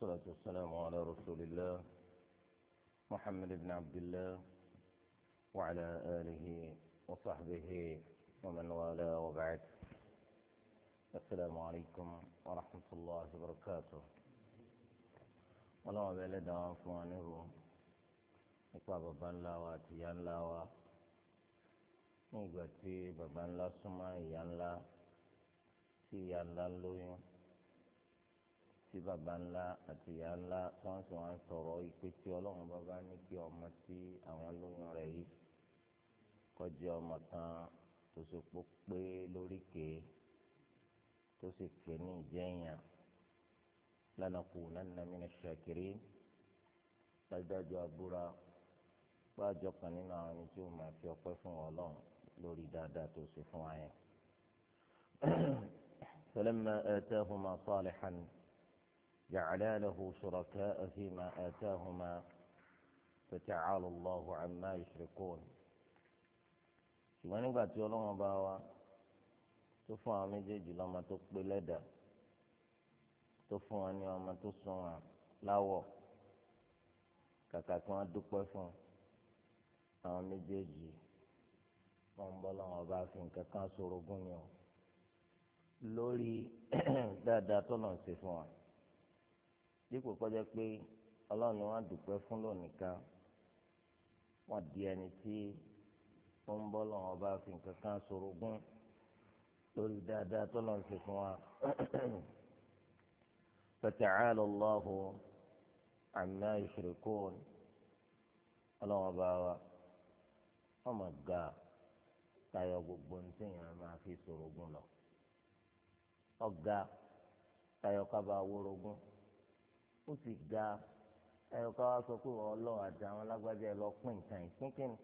والصلاة والسلام على رسول الله محمد بن عبد الله وعلى آله وصحبه ومن والاه وبعد السلام عليكم ورحمة الله وبركاته ولو بلد عفوانه إقاب بلا واتيان لا nígbà tí baba ńlá súnmọ́ يان لا tí ìyá ńlá lóyún tí baba ńlá àti ìyá ńlá tí wọ́n sì wá ń sọ̀rọ̀ ìpè tí ọlọ́run bàbá ní kí ọmọ tí àwọn lóyún rẹ̀ yìí kọjá ọmọ kan tó so pó pé lóríkèé tó sì pé ní ìjẹ́yàn lanakunanna minash shakirin dájúdájú abúra gbájọ kan nínú àwọn ẹni tí ó máa fi ọpẹ́ fún ọlọ́run lórí dáadáa tó ṣe fún wa yẹn. falamma atahuma salihan. جعلا له شركاء فيما آتاهما فتعالى الله عما يشركون ṣùgbọ́n nígbà tí ọlọ́run bá wa tó fún àwọn méjèèjì lọ́mọ tó pé lẹ́dà tó fún wọn ní ọmọ tó sunwọ̀n láwọ̀ kàkà kí wọ́n dúpẹ́ fún àwọn méjèèjì wọn bọ́ lọ́wọ́ bá fi nǹkan kan ṣorogún ni o lórí dáadáa tó lọ́n ṣe fún wọn dípò kọjá pé ọlọ́run ni wọ́n dúpẹ́ fún lónìkan wọ́n di ẹni tí ó ń bọ́ lọ́wọ́ bá fi nǹkan kan sorogún lórí dáadáa tó lọ́n ṣe fún wa. فتعالى الله عما يشركون ọlọ́wọ́n bá wa ọmọ ga tayọ gbogbo ntí máa fi sorogún lọ ọ̀gá tayọ kábàá wórogún. ó sì ga ẹ̀ka wa sọ pé ọlọ́run àti àwọn alágbájá ẹ lọ pín nǹkan ìpínkínní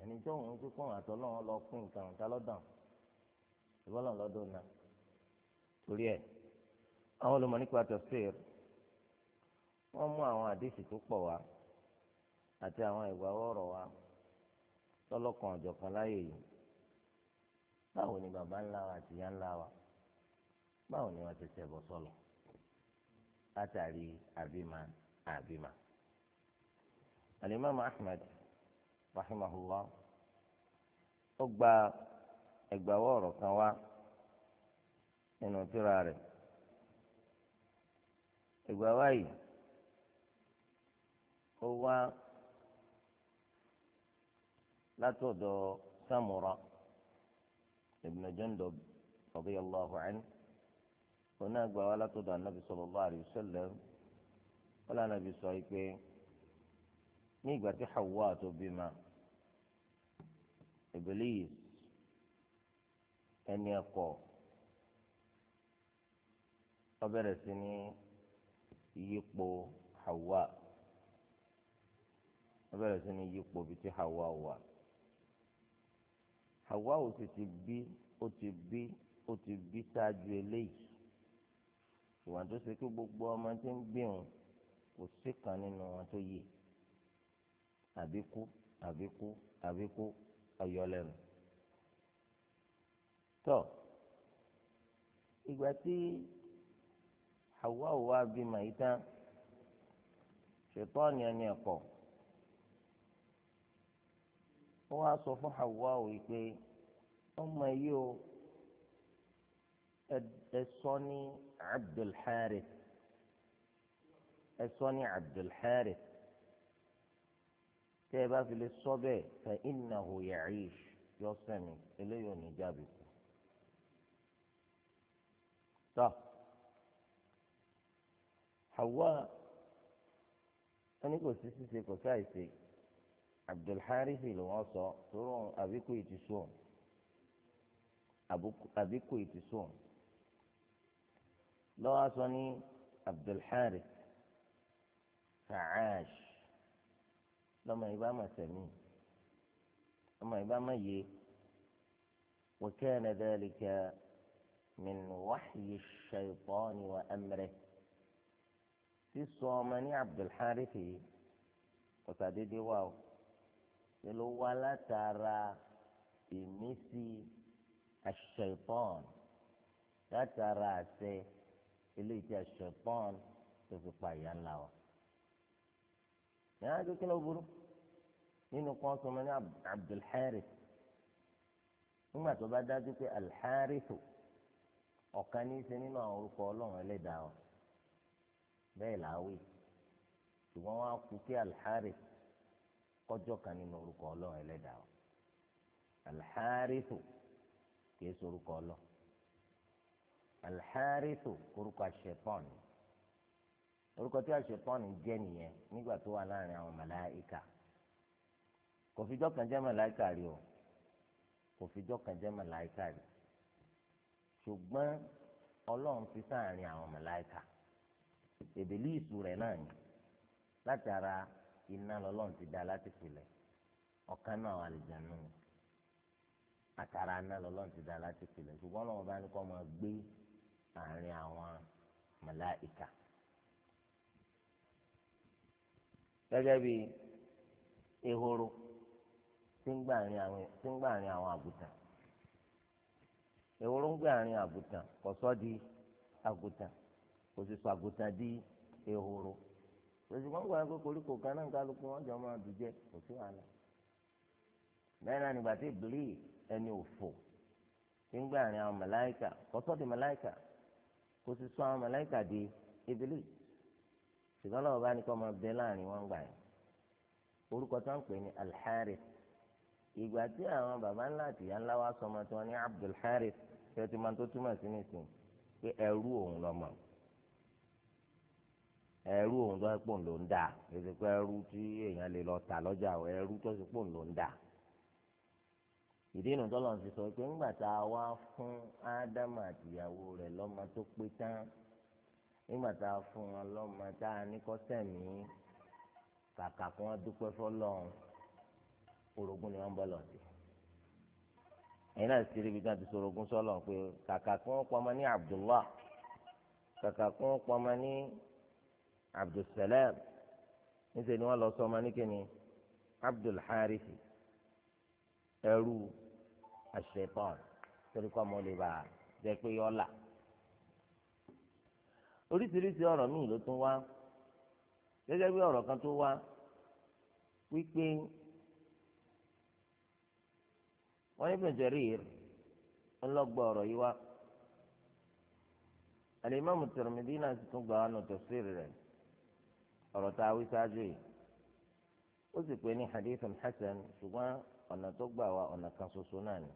ẹni tó ń kíkọ́ àtọ́lọ́run lọ pín nǹkan ọ̀tá lọ́dàn ìbọ́lọ̀ lọ́dún náà torí wọ́n mú àwọn àdéhìí tó wá àti àwọn ìwà ọ̀rọ̀ wa yìí báwo ni bàbá ńlá wa àti ìyá ńlá wa báwo ni wọ́n ti sọ́lọ̀. látàrí àbímọ àbímọ. alimami ahmed rahimahullah ó gba ẹgbàáwọ̀ ọ̀rọ̀ kan wá nínú tírà rẹ̀ ẹgbàáwá yìí ó wá látọ̀dọ̀ samura ibn jundub radiyallahu anhu. òun náà gbà wá látọ̀dọ̀ anábì sallallahu alaihi wasallam wọn lànà bí sọ pé ní ìgbà tí Hawa tó bímọ Iblis ẹni ẹ̀kọ́ ó bẹ̀rẹ̀ sí ní yípo Hawa ó sí ní yípo bíi ti Hawa wà Hawa ò sì ti bí ó ti bí ó ti bí ṣáájú eléyìí ìwà tó ṣe kí gbogbo ọmọ tí ń gbìyànjú kò sí kan nínú wọn tó yé àbíkú àbíkú àbíkú ọyọlẹnu tọ ìgbà tí Hawa wá bímọ yìí tán ṣètọ́ni ẹni ẹ̀kọ́ ó wá sọ fún Hawa wípé ọmọ yìí o. الصني عبد الحارث الصني عبد الحارث تبا في الصبي فإنه يعيش يسمي إلي نجابك طب حواء أنا قلت سيسي كوسايسي عبد الحارث الواسع ترون أبيكو يتسون أبوكو أبيكو يتسون لواتوني عبد الحارث فعاش لما يبا ما سمي لما يبا ما يي وكان ذلك من وحي الشيطان وأمره في صومني عبد الحارث وتعديد واو يلو ولا ترى في الشيطان لا ترى سيه eléyìí tí a ṣẹ̀pọ́n tó fi pa ìyá ńlá wa. ìyá kékeré ló burú nínú kan sọmọ ní Abdulharith nígbà tó bá dájú pé Alharithu ọ̀kan ní í ṣe nínú àwọn orúkọ ọlọ́run ẹlẹ́dàá wa bẹ́ẹ̀ làáwì ṣùgbọ́n wọn á kú kí Alharith kọjọ́ kan nínú orúkọ ọlọ́run ẹlẹ́dàá wa Alharithu kìí ṣe orúkọ ọlọ́run alḥárísù orúkọ àṣepọ́n orúkọ tí àṣepọ́n jẹ́ nìyẹn nígbà tó wà láàrin àwọn màláìka kò fìjọ́ kan jẹ́ màláìka rí o kò fìjọ́ kan jẹ́ màláìka rí ṣùgbọ́n ọlọ́run fi sáàrin àwọn màláìka èbèlí ìsù rẹ̀ náà ni látara iná lọ́lọ́run ti dá láti filẹ̀ ọ̀kan náà àlùjánu àtàrà iná lọ́lọ́run ti dá láti filẹ̀ ṣùgbọ́n ọlọ́run bá ní kọ́ máa gbé àárín àwọn màláìka. gẹ́gẹ́ bí ehoro tí ń gbà àárín àwọn àgùntàn ehoro ń gbà àárín àgùntàn kò sọ di di ehoro wọn koríko kan náà kálukú wọn jọ máa kò sí wàhálà bẹ́ẹ̀ náà nígbà tí ẹni òfò tí kó sì sọ àwọn màláìkà di Iblis ṣùgbọ́n lọ́wọ́ bá ní kọ́ máa bẹ láàrin wọn gbà yẹn orúkọ tó ń pè ní Al-Harith ìgbà tí àwọn baba ńlá àti ìyá ńlá wa sọmọ tí wọn ní Abdul Harith ṣe ti máa tó túmọ̀ sí nìsín pé ẹrú òun lọ́mọ ẹrú òun tó ń pò ń lò ń dà èsì pé ẹrú tí èèyàn lè lọ tà lọ́jà ẹrú tó ń pò ń lò ń dà ìdí inú tọ́lọ̀ ń sọ pé ńgbà tá a wá fún ádámù àtìyàwó rẹ̀ lọ́mọ tó pé tán nígbà tá a fún wọn lọ́mọ tá a ní kọ́sẹ̀mí kàkà kí wọ́n dúpẹ́ fọlọ́run orogún ni wọ́n bọ́ lọ sí ẹ̀yin náà ti rí ibi tí wọ́n ti sọ orogún sọ́lọ̀ pé kàkà kí wọ́n pọmọ ní Abdullah kàkà kí wọ́n pọmọ ní Abdulsalam níṣẹ́ ni wọ́n lọ sọ ọmọ ní kíni Abdulharisi ẹrú àṣetán torí kọ́ ọmọ lè bá jẹ́ pé yọ là oríṣiríṣi ọ̀rọ̀ míì ló tún wá gẹ́gẹ́ bí ọ̀rọ̀ kan tó wá wípé wọ́n ní Ibn Jarir ńlọgbọ ọ̀rọ̀ yìí wá Al-Imam náà sì tún gbà wọn nù rẹ̀ ọ̀rọ̀ tá a wí sáájú yìí ó sì pé ní hadith hasan ṣùgbọ́n ọ̀nà tó gbà wá ọ̀nà kan ṣoṣo náà ni.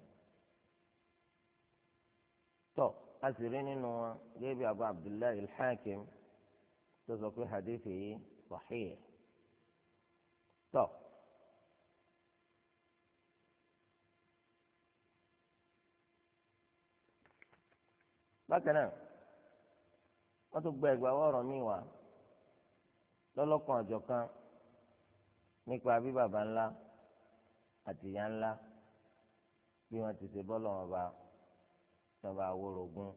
tọ́ a sì rí nínú wọn gẹ́gẹ́ bí abu abdullahi al-hakim tó sọ pé hadith yìí sahih. tọ́ bákan náà wọ́n tún gba ẹgbàá ọ̀rọ̀ mi wá lọ́lọ́kan ọ̀jọ̀kan nípa bí baba ńlá àti ìyá ńlá bí wọ́n ti ṣe bọ́ọ̀lù wọn bá tí wọ́n bá wórogún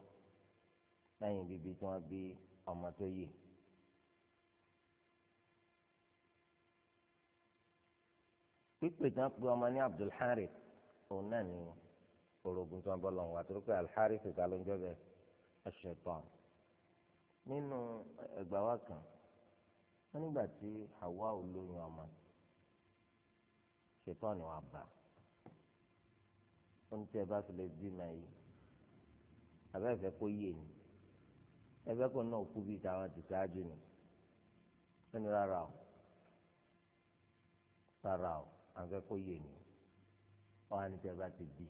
lẹ́yìn bíbí tí wọ́n bí ọmọ tó yè. pípé tí wọ́n pe ọmọ ní Abdulharith òun náà ni orogún tí wọ́n bọ́ọ̀lù wọn wá torí pé Alharith ìta ló ń jọ́ bẹ́ẹ̀ ẹ̀ṣẹ̀ tán nínú ẹgbàá wa kan wọ́n nígbà tí Hawa olóyún ọmọ yìí ṣètọ́ni wà bá ó ní tí ẹ bá fi lè bímọ yìí abẹ́fẹ́ kó yé ni ẹgbẹ́ kó náà kú bíi táwọn ti ṣáájú ni ẹni rárá o rárá o àgbẹ̀ kó yé ni wọn á tí ẹ bá ti bí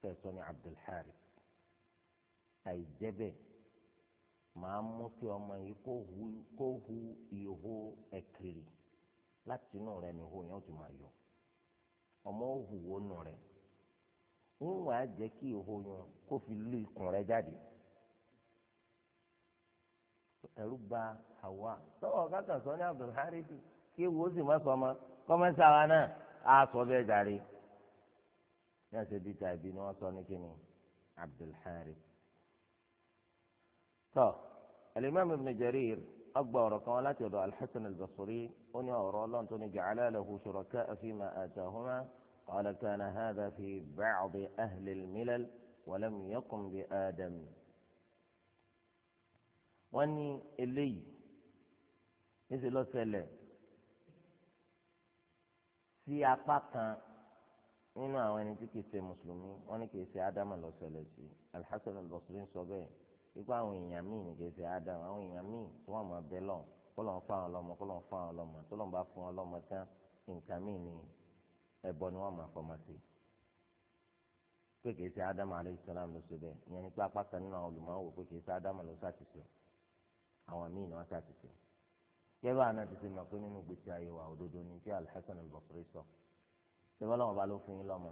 kẹsàn-án ní Abdulhari àìjẹ́bẹ̀ màá mú kí ọmọ yìí kó hu ìhó ẹ̀kiri láti inú rẹ nìhó yẹn ó ti máa yọ ọmọ òhùwò nù rẹ ń wàá jẹ́ kí ìhó yẹn kó fi lú ikùn rẹ jáde ẹ̀rù bà àwa tọ́wọ́ kákan sọ ní abdulharidu kí ewu ó sì má sọ ọmọ kọ́mẹ́sà wa náà á sọ bẹ́ẹ̀ jàre ní àṣẹ bíi tàbí ni wọ́n sọ ní kíni abdulharidu tọ́ alimami ibn Jarir. أكبر ركوالات يدعو الحسن البصري أن يرى الله أن جعل له شركاء فيما آتاهما قال كان هذا في بعض أهل الملل ولم يقم بآدم وأني إلي مثل سلة في أقاقا nínú àwọn ẹni tí kìí ṣe mùsùlùmí wọn ni kìí ṣe ádámà lọ sẹlẹ sí alḥasan wípé àwọn èèyàn míì nìkan adam ádámù àwọn èèyàn míì tí wọ́n mọ̀ bẹ́ẹ̀ lọ kó lọ́n fún àwọn ọlọ́mọ kó lọ́n fún àwọn ọlọ́mọ tó lọ́n bá fún àwọn ọlọ́mọ tán nǹkan míì ni ẹbọ ni wọ́n máa fọmọ sí pé kìí ṣe ádámù alayhi salam ló ṣe bẹ́ẹ̀ ìyẹn ní pé apá kan nínú àwọn olùmọ̀wò pé kìí ṣe ló ṣàtìṣe àwọn míì ni wọ́n ṣàtìṣe yẹ́rọ àná ti ṣe mọ̀ pé nínú gbèsè ayé wa òdodo ni tí Al-Hasan Al-Basri sọ ṣé wọ́n lọ́wọ́ bá ló fún yín lọ́mọ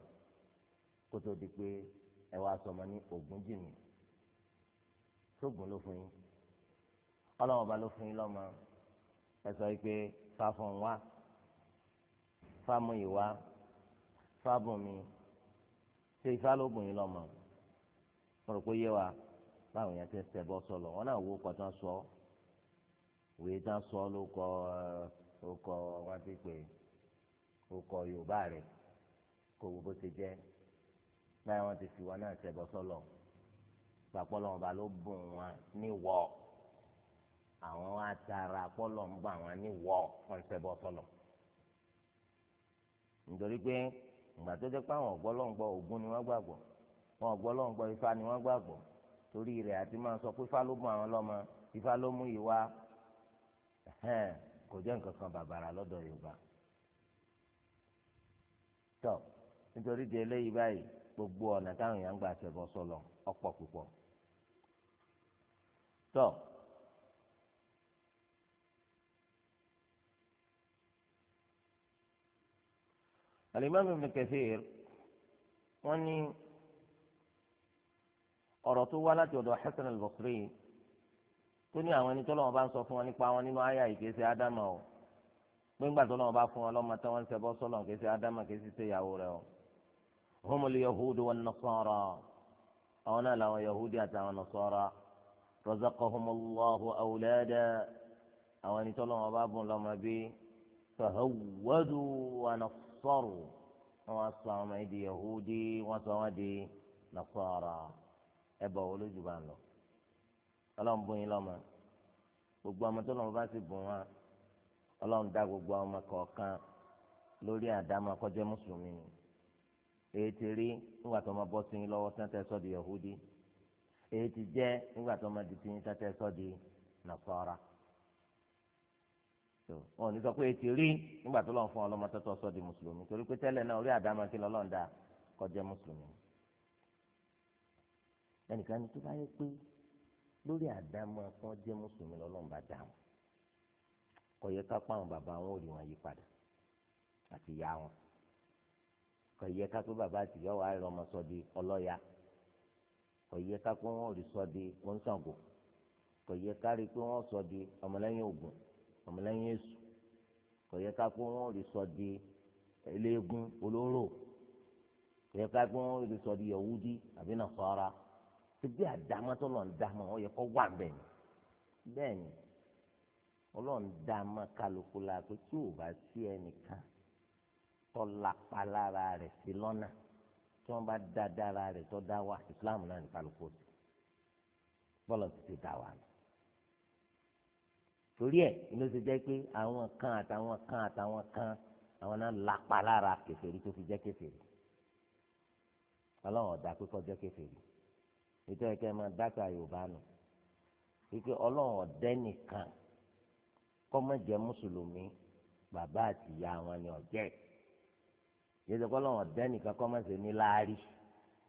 kó tó di pé ẹ wá sọmọ ní Ògúnjìmí sóògùn ló fún yín ọlọ́run ọba ló fún yín lọ́mọ ẹ sọ pé fàfọ̀n wá fàmù ìwá fàbùnmi ṣé ifá ló bùn yín lọ́mọ mo rò pé yé wa báwọn yẹn ti ṣẹ bọ́ sọlọ wọn náà wo kọtán sọ wèé tán sọ ló kọ ó kọ wọn ti pè ó kọ yorùbá rẹ kó wo bó ṣe jẹ báyìí wọn ti fi wọn náà ṣẹ bọ́ sọlọ gbàpọ̀lọ̀ ọba ló bùn wọn níwọ̀ àwọn wa tara pọ̀lọ̀ ń bọ̀ àwọn wọn ṣe bọ́ sọ̀lọ̀ nítorí pé ìgbà tó jẹ́ pé àwọn ọ̀gbọ́lọ́ngbọ́ Ògún ni wọ́n gbàgbọ́ wọn ọ̀gbọ́lọ́ngbọ́ Ifá ni wọ́n gbàgbọ́ torí rẹ̀ àti máa sọ pé Ifá ló bùn àwọn lọ́mọ Ifá ló mú ìwà kò jẹ́ nǹkan kan bàbàrà lọ́dọ̀ Yorùbá tọ́ nítorí di eléyìí báyìí gbogbo ọ̀nà táwọn èèyàn ń gbà ṣẹbọ sọlọ ọ̀pọ̀ púpọ̀ tọ́ alimami ibn Kathir wọ́n ní ọ̀rọ̀ tó wá láti ọ̀dọ̀ Hasan al-Basri tó ní àwọn ẹni tó lọ́wọ́ bá ń sọ fún wọn nípa wọn nínú àyà ìkéṣe ádámà o pé ńgbà tó lọ́wọ́ bá fún wọn lọ́mọ tí wọ́n ń ṣẹbọ sọ́lọ̀ kéṣe ádámà kéṣe ṣe ìyàwó rẹ̀ o humul yahudu wan nasara àwọn náà làwọn yahudi àti àwọn nasara. razaqahumullahu awlada àwọn ẹni tọ́lọ́ wọn bá bùn lọ́mọ bí fahawwadu wa nasaru wọn wá sọ àwọn ọmọ yìí di yahudi wọn sọ wọn di gbogbo ọmọ tọ́lọ́ bụ bá sì bùn gbogbo ọmọ kọọkan lórí mùsùlùmí ni rí nígbà tó èyí ti jẹ́ nígbà tó máa di ti sátẹ́ nàfọ́ra wọn ò ní sọ pé ètí rí nígbà tó lọ́n fún ọlọ́mọ tó tọ́ mùsùlùmí torí pé tẹ́lẹ̀ náà orí àdámọ́ kí lọ́lọ́n kọjá mùsùlùmí ẹnìkan ní tó bá yẹ pé lórí àdámọ́ kan jẹ́ mùsùlùmí lọ́lọ́n bá wọn yẹ ká pa àwọn bàbá wọn ò rí àti kò yẹ ká pé wọ́n rí sọ di oníṣàngó kò yẹ ká rí pé wọ́n sọ di ọmọlẹ́yìn Ògún ọmọlẹ́yìn Èṣù kò yẹ ká pé wọ́n rí sọ di eléégún olóró kò yẹ ká pé wọ́n rí sọ di Yahudi àbí Nasara ṣebí àdámọ́tò lọ́n dámọ́ ọ yẹ kó wà bẹ́ẹ̀ ni bẹ́ẹ̀ ni ọlọ́run dámọ́ kálukú la pé tí ò bá sí ẹnìkan tọ́lápá lára rẹ̀ sí lọ́nà tí wọ́n bá dá dára rẹ̀ tó dá wà islam náà ní kálukú sí bọ́ọ̀lù ti ti dá wà ní. torí ẹ̀ ló ti jẹ́ pé àwọn kan àtàwọn kan àtàwọn kan àwọn náà lápá lára kèfèrí tó fi jẹ́ kèfèrí ọlọ́run ọ̀dà pé kọjọ́ kèfèrí nítorí kẹ́ ẹ máa dákà yorùbá nù wípé ọlọ́run ọ̀dẹ́ nìkan kọ́ mọ̀ jẹ́ mùsùlùmí bàbá àtìyá wọn ni ọ̀jẹ́ ẹ̀ yẹ sọ kọlọ ọdẹ nìkan kọ má ṣe ní láàrí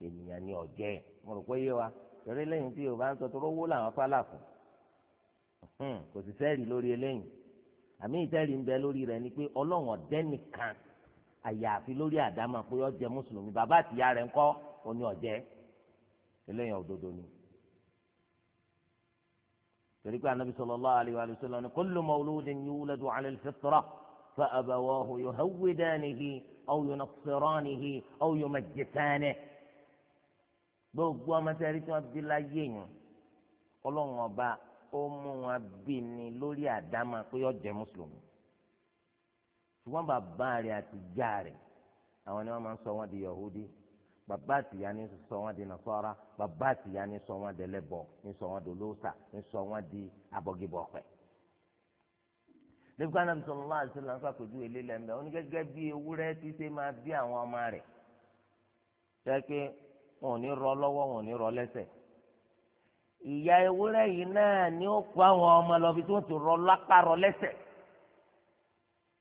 ènìyàn ní ọjẹ mo rò pé yé wa torí lẹ́yìn tí yorùbá ń sọ tó rówó làwọn fálà fún hmm, kò sì sẹ́ẹ̀rì lórí eléyìí àmì ìtẹ́rì ń bẹ lórí rẹ̀ ni pé ọlọ́run ọdẹ nìkan àyàfi lórí àdámà pé ọjẹ mùsùlùmí bàbá àtìyá rẹ̀ ń kọ́ oní ọjẹ eléyìí òdodo ni torí pé anabi sallallahu alaihi wa sallam ni kullu mawludin yuladu ala al-fitra. فأبواه يهودانه أو ينصرانه أو يمجتانه. gbogbo ọmọ sẹ́rí tí wọ́n bí láyé yẹn ọlọ́run ọba ó mú wọn bí ni lórí àdámà pé ó jẹ́ mùsùlùmí ṣùgbọ́n bàbá rẹ̀ àti ìyá rẹ̀ àwọn ni wọ́n máa ń sọ wọ́n di yahudi bàbá àtìyá ni sọ wọ́n di nasara bàbá àtìyá ni sọ wọ́n di ẹlẹ́bọ ni sọ wọ́n di olóòṣà ni sọ wọ́n di abọ́gibọ̀pẹ̀ lẹ́gbẹ́ anábì sọ̀rọ̀ máa ṣe lọ́n fàkójú ilé lẹ́mbẹ́ ó ní gẹ́gẹ́ bí ewúrẹ́ tí ṣe máa bí àwọn ọmọ rẹ̀ jẹ́ pé wọn ò ní rọ lọ́wọ́ wọn ò ní rọ lẹ́sẹ̀ ìyá ewúrẹ́ yìí náà ni ó kó àwọn ọmọ lọ bí tí wọ́n ti rọ lápá lẹ́sẹ̀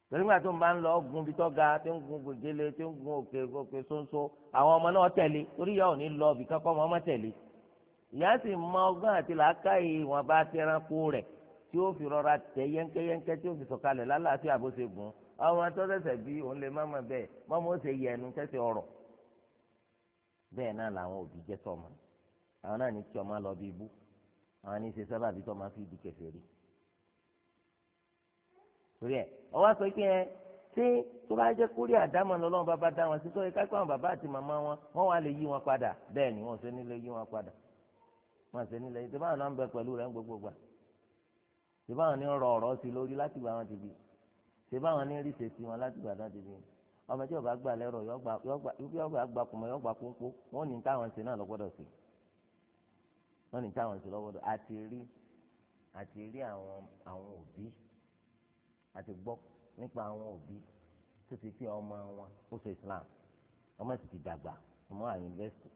torí tó ń bá ń lọ gun bí tó ga tó ń gun gègéle tó ń gun òkè òkè ṣóńṣó àwọn ọmọ náà tẹ̀lé torí ìyá ò ní lọ bí kankan ọmọ tẹ̀lé ìyá sì mọ ọgbọ́n àti làákàyè ìwọ̀nba ti ẹranko rẹ̀ tí ó fi rọra tẹ̀ yẹ́ńkẹ́yẹ́ńkẹ́ tí ó fi sọ̀kalẹ̀ lálàáfíà bó ṣe gùn àwọn atọ́sẹ̀sẹ̀ bí òun lè mọ́mọ́ bẹ́ẹ̀ mọ́mọ́ ó ṣe yẹ ẹnu tẹ́sẹ̀ ọ̀rọ̀ náà làwọn òbí sọmọ àwọn náà ní ọmọ lọ bí ibú àwọn ní í ṣe sábà bí fi di rí ẹ sọ pé ẹ tó bá bàbá dá wọn sí àwọn bàbá àti màmá wọn lè yí wọn padà ni ṣé báwọn ní rọ ọ̀rọ̀ sí lórí láti gbà wọn ti bí ṣé báwọn ní ríṣe sí wọn láti gbà wọn ti bí ọmọ tí ọba gbà lẹ́rọ̀ yọgbà gbàkùmọ̀ yọgbà kúńkó wọn ní táwọn ṣe náà lọ́gbọ́dọ̀ sí wọn ní táwọn ṣe lọ́gbọ́dọ̀ àti rí àti rí àwọn àwọn òbí àti gbọ́ nípa àwọn òbí tó ti fi ọmọ wọn ó ṣe Islam ọmọ sì ti dàgbà ọmọ àyìnbẹ́sì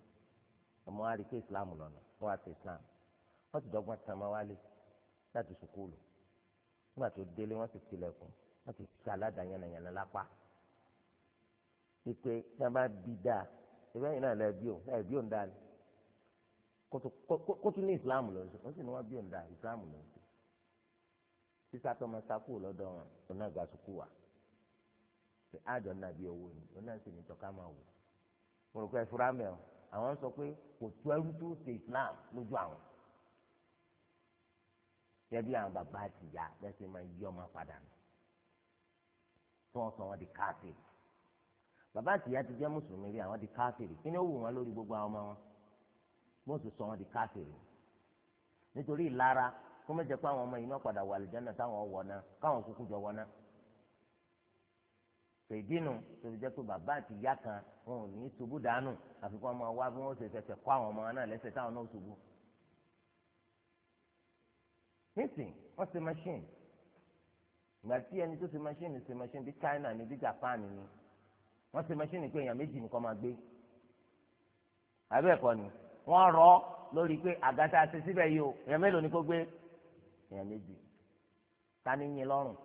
ọmọ àríkè Islam lọ́nà ó wá ṣe Islam wọ́n ti dọ́gbọ́n tàn máa wálé sí láti sùkúlù nígbà tó délé wọ́n ti tilẹ̀kùn wọ́n ti ti aládàá yànnàyànnà lápá pípé tí wọ́n bá bí dáa ìbẹ́ yìí náà lẹ́ bí òun ẹ̀ bí òun dáa ni kó tún ní ìsìláàmù lọ sí wọ́n sì ní wọ́n bí òun dáa ìsìláàmù lọ sí sísá tó máa sákú lọ́dọ̀ wọn òun náà gba sùkú wa pé àjọ náà bí owó ni òun náà sì ní tọ́ka máa wò mo rò pé ẹ fura mẹ́ọ̀ àwọn sọ pé kò tó ẹrú tó ṣe ìsìláàmù lójú àwọn gẹ́gẹ́ àwọn bàbá àti ìyá lẹ́sẹ̀ máa yí ọmọ padà nù tí wọ́n sọ wọn di káfíìrì bàbá àti ìyá ti jẹ́ mùsùlùmí rí àwọn di káfíìrì kí ni ó wù wọn lórí gbogbo àwọn ọmọ wọn wọ́n sì sọ wọn di káfíìrì nítorí ìlara kó mẹ́jẹ pé àwọn ọmọ yìí náà padà wà lìjánà táwọn wọ̀ náà káwọn kúkú jọ wọ̀ náà fèdínù tó fi jẹ́ pé bàbá àti ìyá kan wọn ò ní ṣubú dànù àfikún ọmọ wa bí wọ́n ṣe fẹsẹ̀ kọ́ àwọn ọmọ náà lẹ́sẹ̀ táwọn náà ṣubú nísìn wọ́n ṣe machine ìgbà tí ẹni tó ṣe machine ṣe machine bí China ni bí Japan ni wọ́n ṣe machine pé èèyàn méjì nìkan máa gbé abẹ́ẹ̀kọ́ ni wọ́n rọ lórí pé àgàtà ṣe síbẹ̀ yìí o èèyàn mélòó ni kó gbé èèyàn méjì ta ni yín lọ́rùn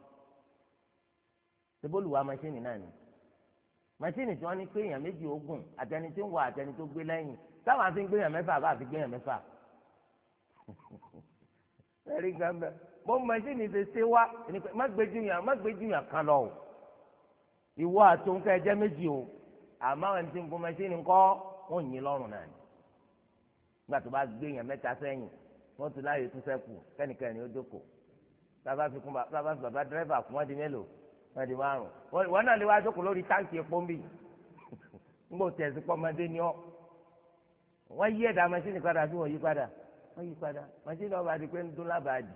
sebóluwa machine náà ni machine tí wọ́n ní pé èèyàn méjì ogun àtẹni tó ń wọ àtẹni tó gbé lẹ́yìn táwọn àfi ń gbé èèyàn mẹ́fà bá àfi gbé èèyàn mẹ́fà ẹ̀rí gan bẹ́ẹ̀ bó mọ́ṣíìnì ṣe ṣe wá má gbẹ́jú yàn má gbẹ́jú yàn kan lọ o ìwọ àtúnkẹ́ ẹjẹ́ méjì o àmọ́ àwọn tí ń fún mọ́ṣíìnì kọ́ wọ́n yìn lọ́rùn náà ni nígbà tó bá gbé yàn mẹ́ta sẹ́yìn wọ́n ti láàyè tún sẹ́kù kẹ́nìkẹ́nì ó jókòó bàbá fi kún bàbá fi bàbá dírẹ́fà kún wọ́n di mélòó wọ́n di márùn wọ́n náà lè wá jókòó lórí táǹkì epo ń bì nígbà tẹ̀sí pọ́mọdé ni ọ́ wọ́n yí ẹ̀dá mọ́ṣíìnì padà bí wọ́n yí padà wọ́n yí padà màṣínì ọba àdìpé ń dún lábàájì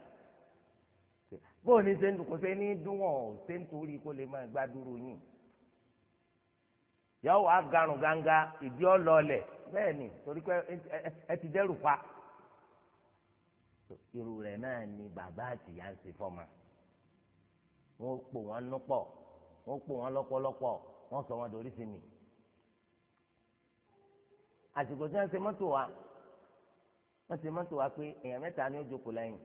bóò ní ṣe ń dùn kò ṣe ní dún wọn ò ṣe ń torí kó lè máa gbádùrú yìí yàwó agarun ganga ìdí ọlọlẹ bẹ́ẹ̀ ni torí pé ẹ ti dẹ́rù pa irú rẹ̀ náà ni bàbá àtìyá ń ṣe fọmọ wọn pò wọn núpọ̀ wọn pò wọn lọ́pọ̀lọpọ̀ wọn sọ wọn dorí sí mi àsìkò tí wọn ṣe mọ́tò wa wọ́n ṣe mọ́tò wa pé èèyàn mẹ́ta ni ó jókòó lẹ́yìn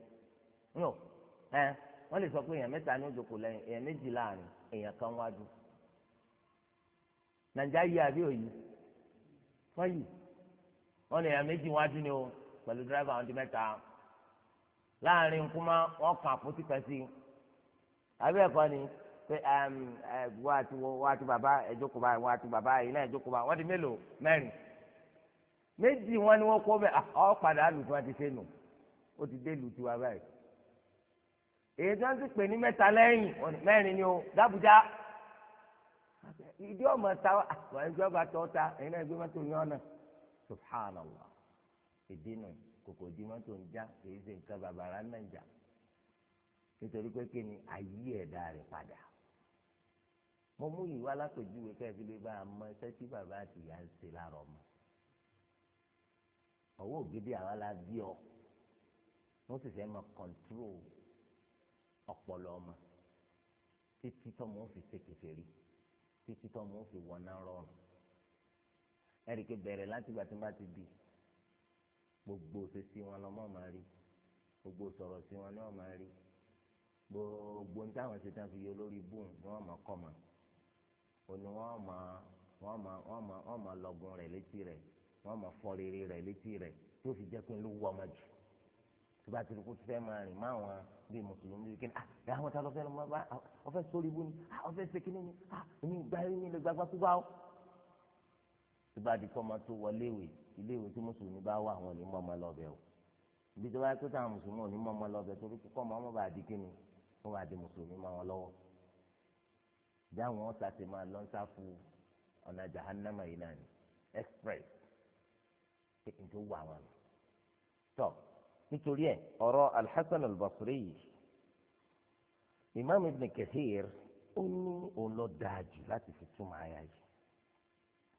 no ẹ wọ́n lè sọ pé èèyàn mẹ́ta ni ó jókòó lẹ́yìn èèyàn méjì láàrin èèyàn kan wájú nàìjà yí àbí òyì wọ́n yì wọ́n lè èèyàn méjì wájú ni o pẹ̀lú dírẹ́fà wọn di mẹ́ta láàrin nkúmá wọ́n kàn àpótí kan sí àbí ẹ̀kọ́ ni pé wọ́n àti bàbá ẹ̀jókòó báyìí wọ́n àti bàbá yìí náà ẹ̀jókòó báyìí wọ́n di mélòó mẹ́rin méjì wọn ni wọn kó bẹ ah, ọ padà lù tí wọn ti ṣe nù ó ti dé lù tí wọn báyìí èyí tí wọn ti pè ní mẹ́ta lẹ́yìn mẹ́rin ni o dábùjá ìdí ọmọ ta ah, wọn ìjọ bá tọ ta ẹyin náà gbé mọ́tò yàn náà subhanallah ìdínà kòkò di mọ́tò ń já èyí ṣe nǹkan bàbàrà náà ń jà nítorí pé kí ni ayé ẹ̀dá rẹ̀ padà mo mú ìwà alápèjúwe kẹ́ẹ̀fì lè bá a mọ iṣẹ́ tí bàbá àti ìyá ń ṣe lára ọmọ ọwọ́ ògidì àwa la bí ọ wọ́n sì fẹ́ máa kọ̀ǹtúrò ọpọlọ ọmọ títí tọmọ ó fi ṣe kèfèrí títí tọmọ ó fi wọná rọrùn ẹ̀ríkẹ́ bẹ̀rẹ̀ láti gbà tí wọ́n bá ti bí gbogbo òṣèṣì wọn lọ́mọ máa rí gbogbo sọ̀rọ̀ sí wọn ni wọ́n máa rí gbogbo ní táwọn ṣe tán fi yọ lórí bóun ni wọ́n máa kọ́ ma òní wọ́n máa wọ́n máa lọ́gùn rẹ̀ létí rẹ̀ wọ́n máa fọ rere rẹ̀ létí rẹ̀ tí ó fi jẹ́ pé ló wú ọmọ jù tó bá ti rí kó ti fẹ́ máa rìn máa bí mùsùlùmí bí kíni ah àwọn ta lọ fẹ́ lọ máa bá ọfẹ́ ah, sórí ibú ni ọfẹ́ ah, ṣe kíni ni ah, èmi gba eré mi lè gbàgbá kú bá ọ. tó bá di kọ́ máa tó wọlé ìwé ilé ìwé tí mùsùlùmí bá wà wọn ní mọ́mọ́ lọ́bẹ̀ o ibi tó bá yẹ kó táwọn mùsùlùmí ò ní mọ́mọ́ lọ́bẹ̀ torí kọ́ máa wọ́n bá di kíni wọ́n bá di mùsùlùmí express pé njó wà wọn ni tọ nítorí ẹ ọ̀rọ̀ alḥasan albasri yìí imam ibn kathir ó ní òun lọ dáa jù láti fi túmọ̀ àyà yìí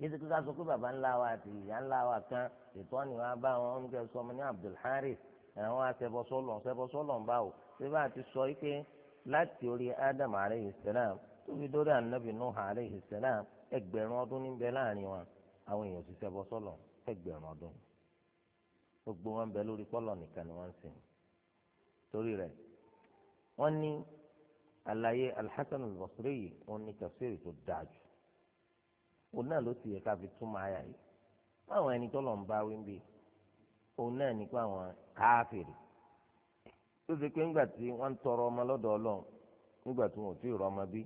yíṣẹ́ kíkà sọ pé baba ńlá wa àti ìyá ńlá wa kan ètò àníwá bá wọn ń kẹ́ sọ ọmọ ní abdulharis àwọn àṣẹbọsọlọ ṣẹbọsọlọ ń bá o ṣé bá a ti sọ pé láti orí adam aleyhi salam tó dórí anabi nuh aleyhi salam ẹgbẹ̀rún ọdún níbẹ̀ láàrin wọn àwọn èèyàn ti ṣẹbọsọlọ ẹgbẹ̀rún ọdún gbogbo wọn bẹ lórí pọlọ nìkan ni wọn ń sìn torí rẹ̀ wọn ní àlàyé alhassan al-basri yìí wọn ní tafsiri tó dáa jù òun náà ló ti yẹ ká fi túmọ̀ àyà yìí báwọn ẹni tó lọ ń bá wí ń bí òun náà ní pé àwọn káfìrì tó ṣe pé ńgbà tí wọ́n ń tọrọ ọmọ lọ́dọ̀ ọlọ́run nígbà tí wọn ò tí ì rọ ọmọ bí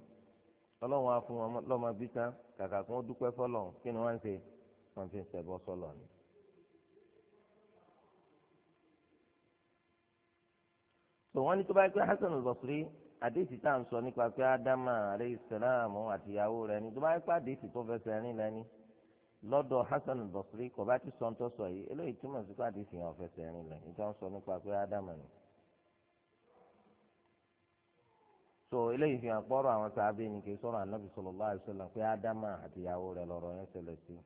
ọlọ́run á fún wọn lọ́mọ bí tán kàkà kí wọ́n dúpẹ́ kí ni wọ́n ń ṣe wọ́n fi ń ṣẹbọ sọ́lọ̀ ni. tò wọ́n ní tó bá yẹ pé Hasan al-Basri àdéhìtì tá à ń sọ nípa pé ádámà alayhi salam àtìyàwó rẹ ni tó bá yẹ pé àdéhìtì tó fẹsẹ̀ rìn lẹ́ni lọ́dọ̀ Hasan al-Basri kò bá ti sọ ń tọ́ sọ yìí eléyìí túmọ̀ sí pé àdéhìtì yẹn ò fẹsẹ̀ rìn lẹ́ni tó ń sọ nípa pé ádámà ni. so eléyìí fi hàn pọ́rọ̀ àwọn sàábẹ́ ni kì í sọ̀rọ̀ ànábì sallallahu alaihi wasallam pé ádámà àtìyàwó rẹ lọ́rọ̀ yẹn ṣẹlẹ̀ sí i.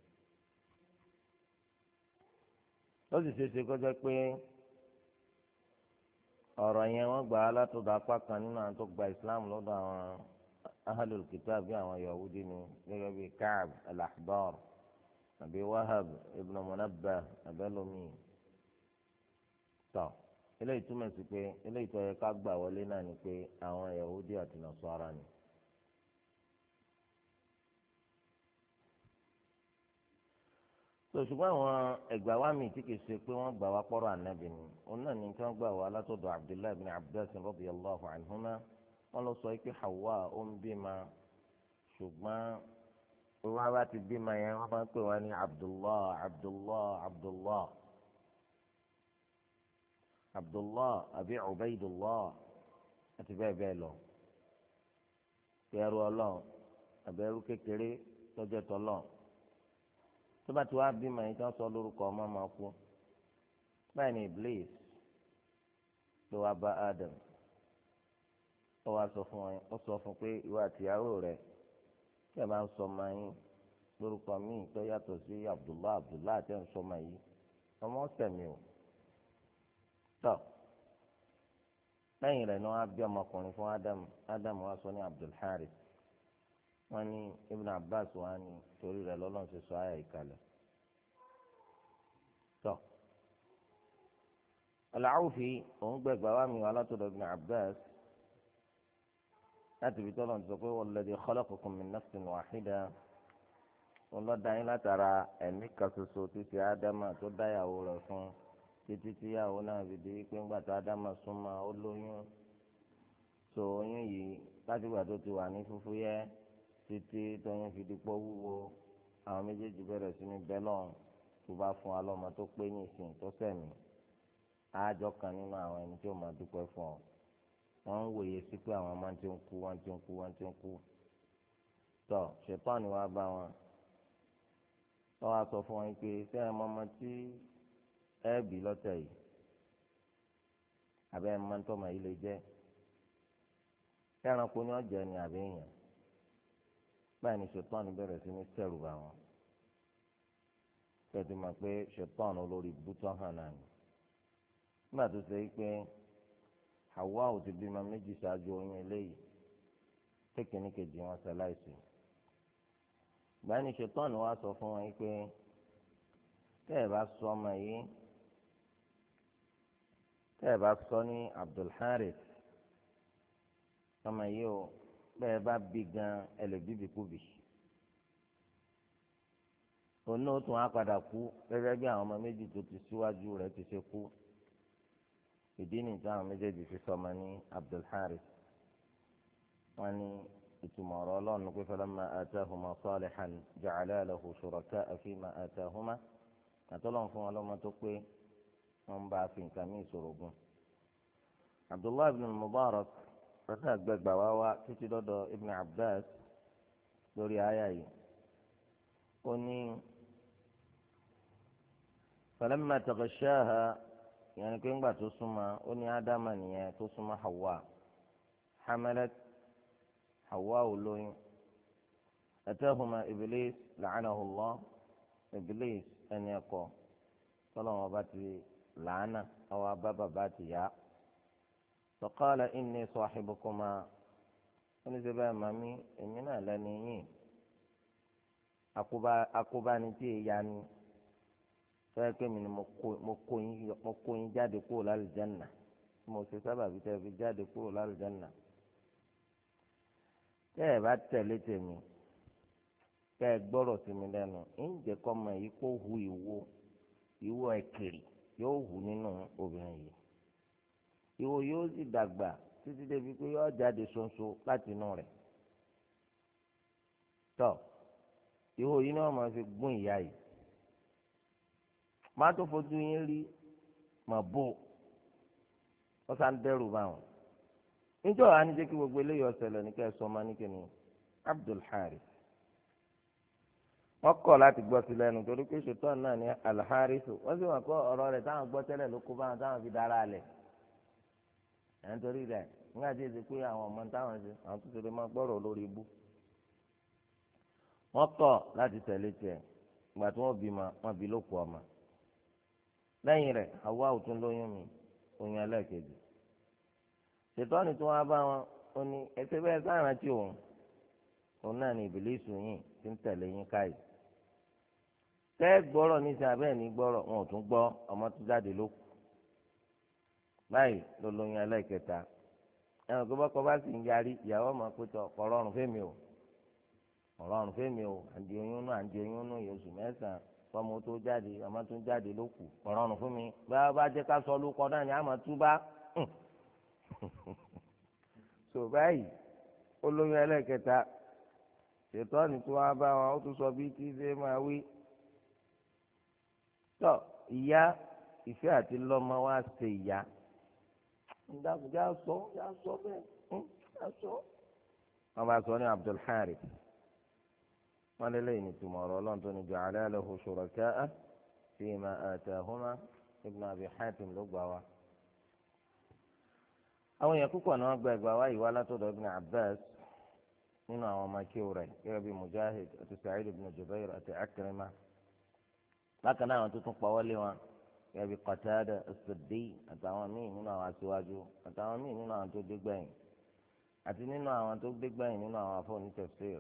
ó sì ṣe é ṣe kọjá pé ọ̀rọ̀ yẹn wọ́n gbà á látọ̀dọ̀ apá kan nínú àwọn tó gba Islam lọ́dọ̀ àwọn ahlul bí Yahudi ni gẹ́gẹ́ bíi Ka'b al àbí Wahab ibn Munabbah abẹ́lómi tọ́ eléyìí túmọ̀ sí pé eléyìí tó yẹ ká gbà ni pé àwọn Yahudi àti Nasara ni. ṣùgbọ́n àwọn ẹgbàá wa mi tí kì í ṣe pé wọ́n gbà wá pọ́rọ̀ ànábì ni òun náà ní kí wọ́n gbà wá látọ̀dọ̀ abdullahi bin abbas radiyallahu anhuma wọ́n lọ sọ pé hawa ó ń bímọ ṣùgbọ́n wọn bá ti bímọ yẹn wọ́n máa ń pè wọ́n ní abdullah abdullah abdullah abdullah àbí ubaydullah àti bẹ́ẹ̀ bẹ́ẹ̀ lọ pẹ̀rù ọlọ́run àbẹ̀rù kékeré tọ́jọ́ tọ́lọ́run tó bá ti wá bímọ yìí tó ń sọ lórúkọ ọmọ máa kú báyìí ní Iblis ló wá bá Adam ó wá sọ fún ọ ó sọ fún pé ìwọ àtìyàwó rẹ tí ẹ máa ń sọ ọmọ yín lórúkọ míì tó yàtọ̀ sí Abdullahi Abdullahi àti ẹ̀ ń sọ ọmọ yìí ọmọ ọ̀sẹ̀ mi ò tọ́ lẹ́yìn rẹ̀ ni wọ́n á bí ọmọkùnrin fún Ádámù Ádámù wá sọ ní Abdulharis wọ́n ní Ibn Abbas wà ní torí rẹ̀ lọ́lọ́run ṣe sọ àyà ìkàlẹ̀. tọ́ Al-Awfi òun gbẹ̀gbà wà mí wà látọ̀dọ̀ Ibn Abbas láti fi tọ́lọ̀ sọ pé walladhi khalaqakum min nafsin wahida wọ́n lọ́ dáyín látara ẹ̀mí kan títí ádámà tó dáyàwó rẹ̀ fún títí tíyàwó náà fi di pé ńgbà tó ádámà súnmọ́ ó lóyún so oyún yìí látìgbà tó ti wà ní fúfú yẹ́ títí tọyìn fi dupọ wúwo àwọn méjèèjì bẹ̀rẹ̀ sí ní bẹlọ tó bá fún alọmọ tó pé ní ìsìn tó sẹmí àjọ kan nínú àwọn ẹni tí ó máa dúpẹ́ fún ọ wọn ń wòye sí pé àwọn máa ti ń kú wọn ti ń kú wọn ti ń kú tọ ṣèpáàní wàá bá wọn tọ́ wa sọ fún wọn pé sẹ́yìn mọ́mọ́ tí ẹ bí lọ́tẹ̀ yìí àbẹ́ ẹ̀ máa ń tọ́ màá yìí lè jẹ́ ẹranko ni ọ̀jẹ̀ ni àbẹ́ èèyàn báyìí ni ṣètọ́nù bẹ̀rẹ̀ sí ní sẹ́rù bá wọn tẹ̀sí ma pé ṣètọ́nù olórí bútọ́ hàn náà ni nígbà tó ṣe pé Hawa ò ti bímọ méjì ṣáájú oyún eléyìí tẹkẹni kejì wọn ṣaláìsí báyìí ni wa sọ fún wọn pé tẹ́ ẹ bá sọ ọmọ yìí tẹ́ ẹ bá sọ ní Abdul ọmọ yìí o bẹ́ẹ̀ bá bí gan ẹlẹ́bíbí kú bì òun náà tún á padà kú gẹ́gẹ́ bí àwọn ọmọ méjì tó ti síwájú rẹ̀ ti ṣe kú ìdí nìyí táwọn méjèèjì fi sọmọ ní Abdulharis wọn ní ìtumọ̀ ọ̀rọ̀ ọlọ́run pé falamma atahuma salihan ja'ala lahu shuraka'a fima atahuma àtọ́lọ́run fún wọn lọ́mọ tó pé wọ́n ń bá a fi nǹkan mí ìṣòro gun Abdullahi ibn Mubarak àtọ́tà àgbẹ̀gbà wá wá títí dọ́dọ̀ Ibn Abbas lórí àyà yìí ó ní falamma taghashaha yẹn pé ńgbà tó súnmọ́ ó ní ádámà nìyẹn tó súnmọ́ Hawa hamalat Hawa ò lóyún atahuma Iblis la'anahu Allah Iblis ẹni ẹ̀kọ́ tọ́lọ́wọ́n bá ti làánà ọwọ́ bá bàbá ti yá faqala inni sahibukuma oníṣẹ́bá màmí èmi náà lẹ́nu yìí akóbáni tí èyí ya ni fẹ́ẹ́ pé mi ni mo kó yín jáde kúrò lálùjánnà mo ṣe sábàbí tẹ́ fi jáde kúrò lálùjánnà tẹ́ ẹ bá tẹ̀lé tèmi tẹ́ ẹ gbọ́rọ̀ sí mi lẹ́nu ǹjẹ́ kọ́ mọ̀ yìí kó hu ìwo ìwo ẹ̀kìrì yóò hu nínú obìnrin yìí. iho yóò sì dàgbà títí débi pé yóò jáde ṣoṣo láti inú rẹ̀ tọ ìwọ yìí náà máa fi gún ìyá yìí má tó fojú yín rí mà bò wọ́n sá ń dẹ́rù báwọn níjọ́ wa kí gbogbo eléyìí ọ̀sẹ̀ ní ká ẹ̀sọ́ máa ní kíni Abdul Harith láti gbọ́ sí lẹ́nu torí pé ṣètò náà ní sì táwọn ẹ̀ rẹ torí rẹ̀ nígbà tí èsì pé àwọn ọmọ àwọn tó ṣeré máa gbọ́rọ̀ lórí ibú. wọ́n kọ̀ láti tẹ̀lé tiẹ̀ ìgbà tí wọ́n bímọ wọ́n bí lóko ọmọ. lẹ́yìn rẹ̀ àwa ò lóyún mi oyún ẹlẹ́ẹ̀kejì. ṣètọ́ni tí bá wọn ó ní tí òun òun náà ti ń tẹ̀lé yín tẹ́ gbọ́rọ̀ báyìí ló lóyún ẹlẹ́kẹta ẹnì kí bọ́kọ bá sì ń yarí ìyàwó máa pé tọ ọ̀rọ̀ fẹ́mi o ọ̀rọ̀ ọ̀rùn fẹ́mi o àǹdí oyún náà àǹdí oyún náà oṣù mẹ́sàn-án fọmọ tó jáde ọmọ tó jáde ló kù ọ̀rọ̀ fún mi bá a bá jẹ́ ká sọ ló kọ náà ni a máa túbá so báyìí ó lóyún ẹlẹ́kẹta ṣètò ọ̀nì tó wá bá wọn ó tún sọ bí tí ṣe máa wí tọ ìyá ìfẹ́ àti lọ́mọ wá ṣe ìyá. So, ndàkùn já sọ já sọ bẹ́ẹ̀ já sọ. wọ́n bá sọ ní Abdul Harith wọ́n lé lẹ́yìn ìtumọ̀ ọ̀rọ̀ ọlọ́run tó ní ja'ala lahu shuraka'a fima atahuma Ibn Abi Hatim ló gbà wá. àwọn èèyàn púpọ̀ ni wọ́n gba ẹgbàá wá ìwá látọ̀dọ̀ Ibn Abbas nínú àwọn ọmọ akéwò rẹ̀ gẹ́gẹ́ bíi Mujahid àti Sa'id ibn Jubair àti Akrimah bákan náà àwọn tuntun pawọ́ lé wọn gẹ́gẹ́ Qatada as-Saddi àtàwọn míì nínú àwọn aṣíwájú àtàwọn míì nínú àwọn tó dégbẹ̀yìn àti nínú àwọn tó dégbẹ̀yìn nínú àwọn afọ́ni tafsir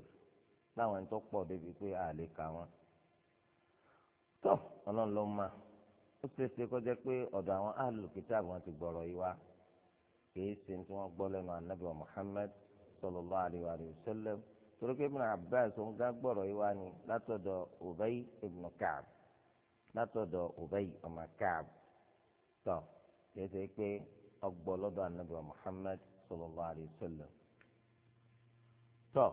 láwọn ẹni tó pọ̀ débi pé a lè kà wọ́n. tó ọlọ́run ló ma ó ṣeéṣe kó jẹ́ pé ọ̀dọ̀ àwọn ahlul kitab wọn ti gbọ̀rọ̀ yìí wá kìí ṣe tí wọ́n gbọ́ lẹ́nu anabi wa Muhammad sallallahu alayhi torí pé ibn Abbas òun látọ̀dọ̀ Ubay ọmọ Ka'b tọ̀ kẹsẹ̀ pé ọgbọ́ lọ́dọ̀ anabi Muhammad sallallahu alayhi wa sallam tọ̀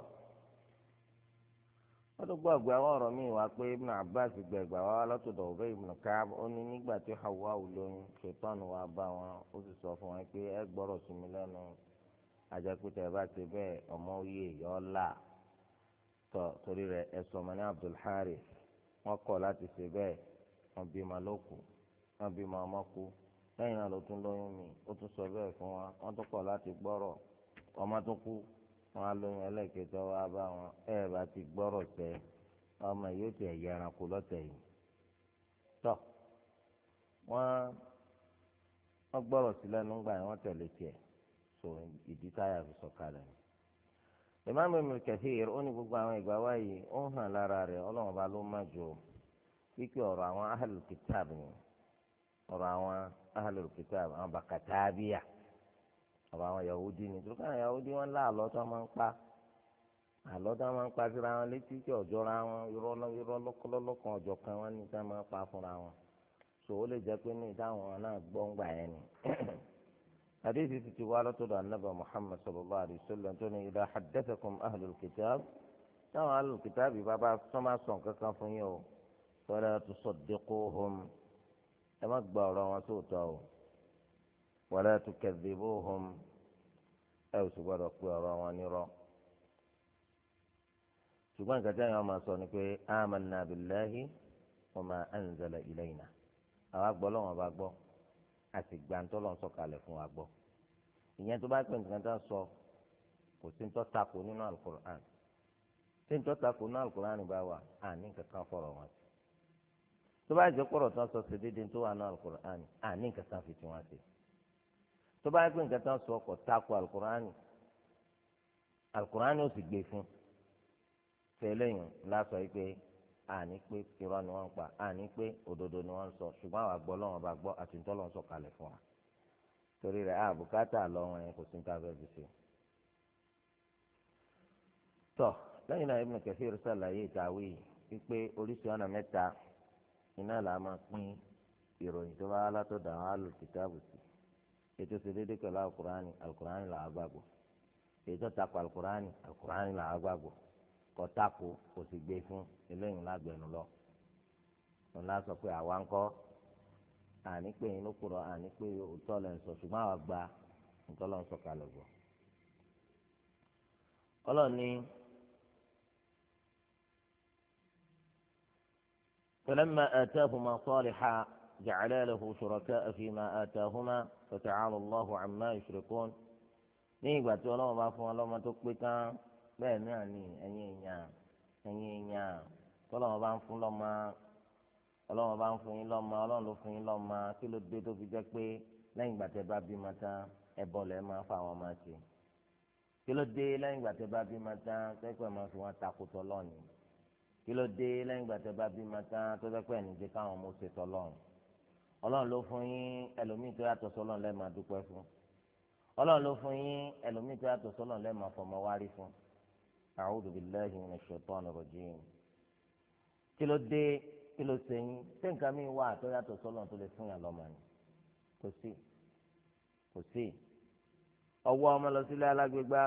wọ́n tún gbọ́ ọgbà àwọn ọ̀rọ̀ míì wá pé ibùnà Abbas gbẹ ìgbà wá látọ̀dọ̀ Ubay ibn ó ní nígbà tí Hawa ṣètọ́nù wa bá wọn ó sì sọ fún wọn pé ẹ gbọ́rọ̀ sí mi lẹ́nu ẹ ti bẹ́ẹ̀ ọmọ òye yọ torí ẹ ní wọn lọkụ lóko wọn ma ọmọkú lẹ́yìn náà ló tún lóyún mi ó tún sọ bẹ́ẹ̀ fún wa wọ́n tún kọ láti gbọ́rọ̀ ọmọ tó kú wọn á lóyún wọn bá ti gbọrọ tẹ ọmọ yóò yẹranko so ìdí táyà fi ni. gbogbo àwọn ìgbà wáyé hàn lára ọba ló má pípé ọ̀rọ̀ àwọn ahlul kitab ni ọ̀rọ̀ àwọn ahlul kitab àwọn bàkàtàbíyà ọ̀rọ̀ àwọn yahudi ni tó káwọn yahudi wọn lá àlọ́ tó máa ń pa àlọ́ tó máa ń pa síra wọn létí tí ọ̀jọ́ra wọn irọ́ lọ́kọ́lọ́kọ́ ọ̀jọ̀ kan wọn ní tá máa pa fúnra wọn so ó lè jẹ́ pé ní ìdáhùn wọn náà gbọ́ngbà yẹn ni. Muhammad sallallahu لطول النبى محمد صلى الله عليه وسلم توني kitab, حدثكم أهل kitab ترى أهل الكتاب بابا سما سونك كان فنيو wala tusaddiquhum ẹ má gba ọ̀rọ̀ wọn sóòótọ́ o wala tukadhibuhum ẹ ò sì gbọ́dọ̀ pé ọ̀rọ̀ wọn nírọ́ ṣùgbọ́n nǹkan tí àwọn máa sọ ni pé amanna billahi wa ma anzala ilayna àwa gbọ́ lọ́wọ́n bá gbọ́ a sì gba ntọ́ lọ́n fún wa gbọ́ ìyẹn tó bá pè nǹkan tó sọ kò sí ntọ́ tako nínú alukur'an tí ntọ́ tako nínú alukur'an bá wà á ní kankan fọ̀rọ̀ wọn tó bá jẹ́ kọ̀rọ̀ tán sọ ṣèdédé tó wà ní alukur'ani àní nǹkan tán fi tiwọn ṣe tó bá yẹ pé nǹkan tán sọ ọkọ̀ tako alukur'ani alukur'ani ó sì gbé fún tẹ́lẹ̀yìn lásọ yìí pé àní pé irọ́ ni wọ́n ń pa àní pé òdodo ni wọ́n ń sọ ṣùgbọ́n àwọn àgbọ̀ lọ́wọ́n bá gbọ́ àti ntọ́ lọ́wọ́n sọ kalẹ̀ fún wa torí rẹ̀ àbùkátà lọ́wọ́n yẹn kò sí nǹkan fẹ́ fi ṣe. tọ́ lẹ́yìn náà Ibn Kathir ṣàlàyé ìtàwé yìí wípé oríṣi ọ̀nà mẹ́ta iná là máa pín ìròyìn tó bá látọ̀dọ̀ àwọn alùkìtàbù sí ètò ṣe déédéé pẹ̀lú alukurani alukurani là á gbàgbọ́ ètò takò alukurani alukurani là á gbàgbọ́ kò takò kò sì gbé fún eléyìí lágbẹ̀nu lọ wọn lá sọ pé àwa ń kọ́ àní pé kúrọ̀ àní pé òótọ́ gba sọ فلما آتاهما صالحا جعلا له شركاء فيما آتاهما فتعالى الله عما يشركون ní ìgbà tí ọlọ́run bá fún ọlọ́mọ tó pé tán bẹ́ẹ̀ náà ni ẹ̀yin èèyàn ẹ̀yin èèyàn tọ́lọ́run bá ń fún lọ́mọ ọlọ́run bá ń fún yín lọ́mọ ọlọ́run ló fún yín lọ́mọ kí ló dé tó fi jẹ́ pé lẹ́yìn ìgbà tẹ́ bá bímọ tán ẹbọ lẹ́ máa fa àwọn máa ṣe kí ló dé lẹ́yìn ìgbà tẹ́ bá bímọ tán tẹ́kọ̀ọ́ máa fi wọn takò tọ́lọ́ọ̀nì Kilo de dé lẹ́yìn ìgbà tẹ́ bá bímọ tán tó fẹ́ pẹ́ níbi káwọn ọmọ ṣe tọ́lọ́run ọlọ́run ló fún yín ẹlòmíì tó yàtọ̀ sọ́lọ́run lẹ́ẹ̀ máa dúpẹ́ fún ọlọ́run ló fún yín ẹlòmíì tó yàtọ̀ sọ́lọ́run lẹ́ẹ̀ fọmọ wárí fún a'udhu billahi minash shaitanir rajim kí ló dé kí ló ṣe yín ṣé nǹkan mi wà tó yàtọ̀ sọ́lọ́run tó lè fún yàn lọ́mọ ni kò sí kò sí ọwọ́ ọmọ lọ sílé alágbègbà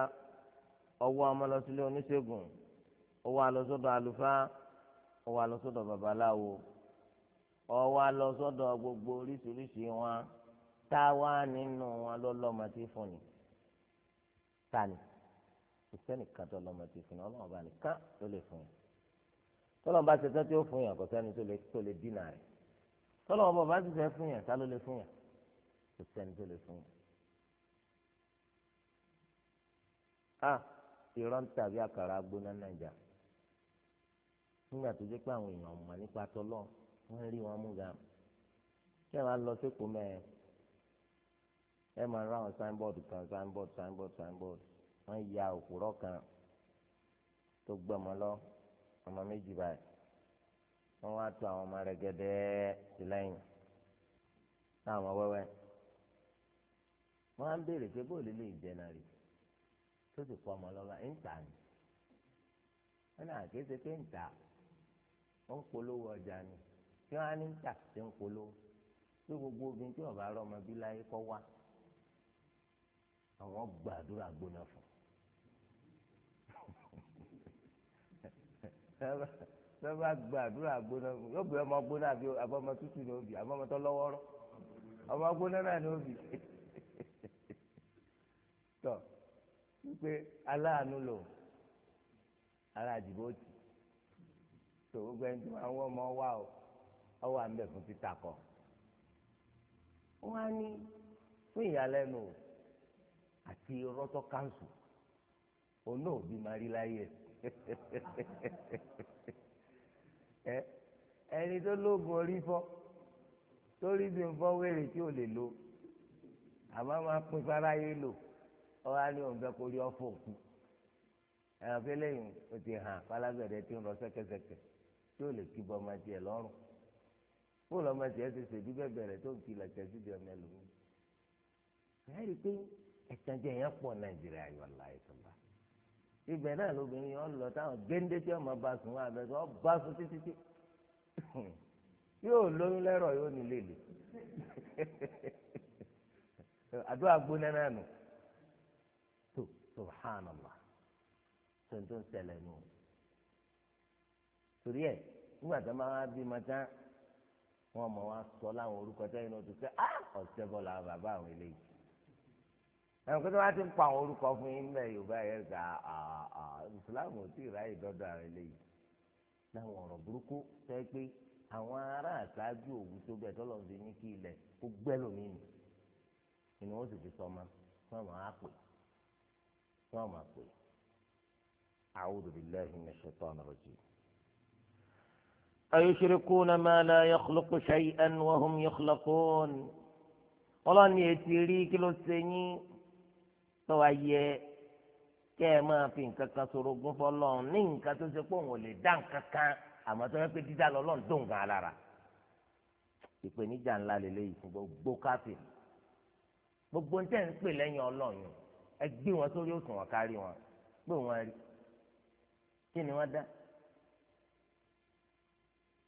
ọwọ́ ọmọ lọ sílé oníṣègùn ó wá lọ sọ́dọ̀ àlùfáà ó wá lọ sọ́dọ̀ babaláwo ó wá lọ sọ́dọ̀ gbogbo oríṣiríṣi wọn tá a wá nínú wọn lọ́lọ́mọ tí fún ni tani kò sẹ́nìkan tó tí fún ni ọlọ́mọ bá nìkan ló lè fún yẹn tọ́lọ́mọ bá ṣetán tí ó fún yẹn kò sẹ́ni tó lè dínà rẹ̀ tọ́lọ́mọ bá ti fẹ́ fún yẹn tá ló lè fún yẹn kò tó lè fún yẹn. a ah, ìrọ̀ ń àkàrà gbóná nàìjà nígbà tó jẹ́ pé àwọn èèyàn mọ̀ nípa tọ́lọ́ wọ́n rí wọn mú ga kí ẹ máa lọ sékòó mẹ́ẹ̀ ẹ máa ra àwọn signboard kan signboard signboard signboard wọ́n ya òpùrọ́ kan tó gbọ́mọ lọ ọmọ méjì báyìí wọ́n wá tó àwọn ọmọ rẹ̀ gẹ́dẹ́ sí lẹ́yìn táwọn wẹ́wẹ́ wọ́n á béèrè pé bóòlù lè jẹ́ náà rí tó sì pọ̀ ọmọ lọ́wọ́ ń tà ní wọ́n náà kéde pé ń tà ó ń polówó ọjà ni tí wọ́n á ní tà ṣe ń polówó pé gbogbo obìnrin tí wọ́n bá rọ́ ọmọ bí láyé kọ́ wá àwọn gbàdúrà gbóná fún tọ́ bá gbàdúrà gbóná fún yóò bí ọmọ gbóná àbí ọmọ tútù ní òbí àbí ọmọ tó lọ́wọ́rọ́ ọmọ gbóná náà ní òbí tọ́ wípé aláàánú lò ara jìbọ́tì tó gbogbo ẹni tí o ọ wà ń bẹ̀ kọ. á ní fún ìyàlẹ́nu àti rọtọ káńsù òun náà bí má rí láyé ẹ ẹni tó lóògùn orí fọ torí bí n fọ́ wéèrè tí ò lè lo àmọ́ máa pín fáráyé lò ọwọ́ á ní òun fẹ́ kó rí ọ́ fò ẹ̀rọ fẹ́lẹ́yìn ó ti hàn tí tí ó lè kí bọ́ ọmọ tiẹ̀ lọ́rùn fóònù ọmọ tiẹ̀ ti ṣèjú bẹ́ẹ̀ bẹ̀rẹ̀ tó ń fi lẹ́tẹ̀ sí di ọmọ ẹlòmíì ẹ̀rí pé ẹ̀tànjẹ yẹn pọ̀ nàìjíríà yọ̀ láì sọ̀bà ibẹ̀ náà lóbìnrin yẹn lọ táwọn géńdé tí ọmọ bá sùn wọn àbẹ̀sọ̀ ọ bá sùn títí tí yóò lóyún lẹ́rọ̀ yóò nílé lè àdúrà gbóná náà nù tó subhanallah tó ń tó ń ṣẹlẹ̀ nù torí ẹ̀ nígbà tí wọ́n bá wá bímọ tán wọ́n mọ̀ wá sọ láwọn orúkọ tẹ́yìn náà tó sẹ́ á ọ̀sẹ̀ bọ́ làwọn bàbá àwọn eléyìí ẹnìkan tí wọ́n ti ń pa àwọn orúkọ fún yín nílẹ̀ Yorùbá yẹn gà á ìsìláàmù ò tí ì ráyè dọ́dọ̀ àwọn eléyìí láwọn ọ̀rọ̀ burúkú tẹ́ pé àwọn ará àṣáájú òwú tó bẹ̀ tọ́lọ̀ ń fi ní kí ilẹ̀ kó gbẹ́ lómi nù inú wọn sì fi sọmọ fún àwọn àpè fún àwọn àpè a'udhu billahi minash shaitani rajim ayushrikuna ma la yakhluqu shay'an wa hum yakhluqun ọlọ́ni etí rí kí ló ṣe yín tó wá yẹ kẹ́ ẹ máa fi nǹkan kan sorogún fọlọ́run ní nǹkan tó ṣe pé òun ò lè dá nǹkan kan àmọ́ tó yẹ pé dídá lọ́lọ́run dùn gan alára ìpèníjà ńlá lélẹ́yìí fún gbogbo káfíìn gbogbo ń tẹ̀ ń pè lẹ́yìn ọlọ́run ẹ gbé wọn sórí òṣùwọ̀n kárí wọn pé wọn rí kí ni wọ́n dá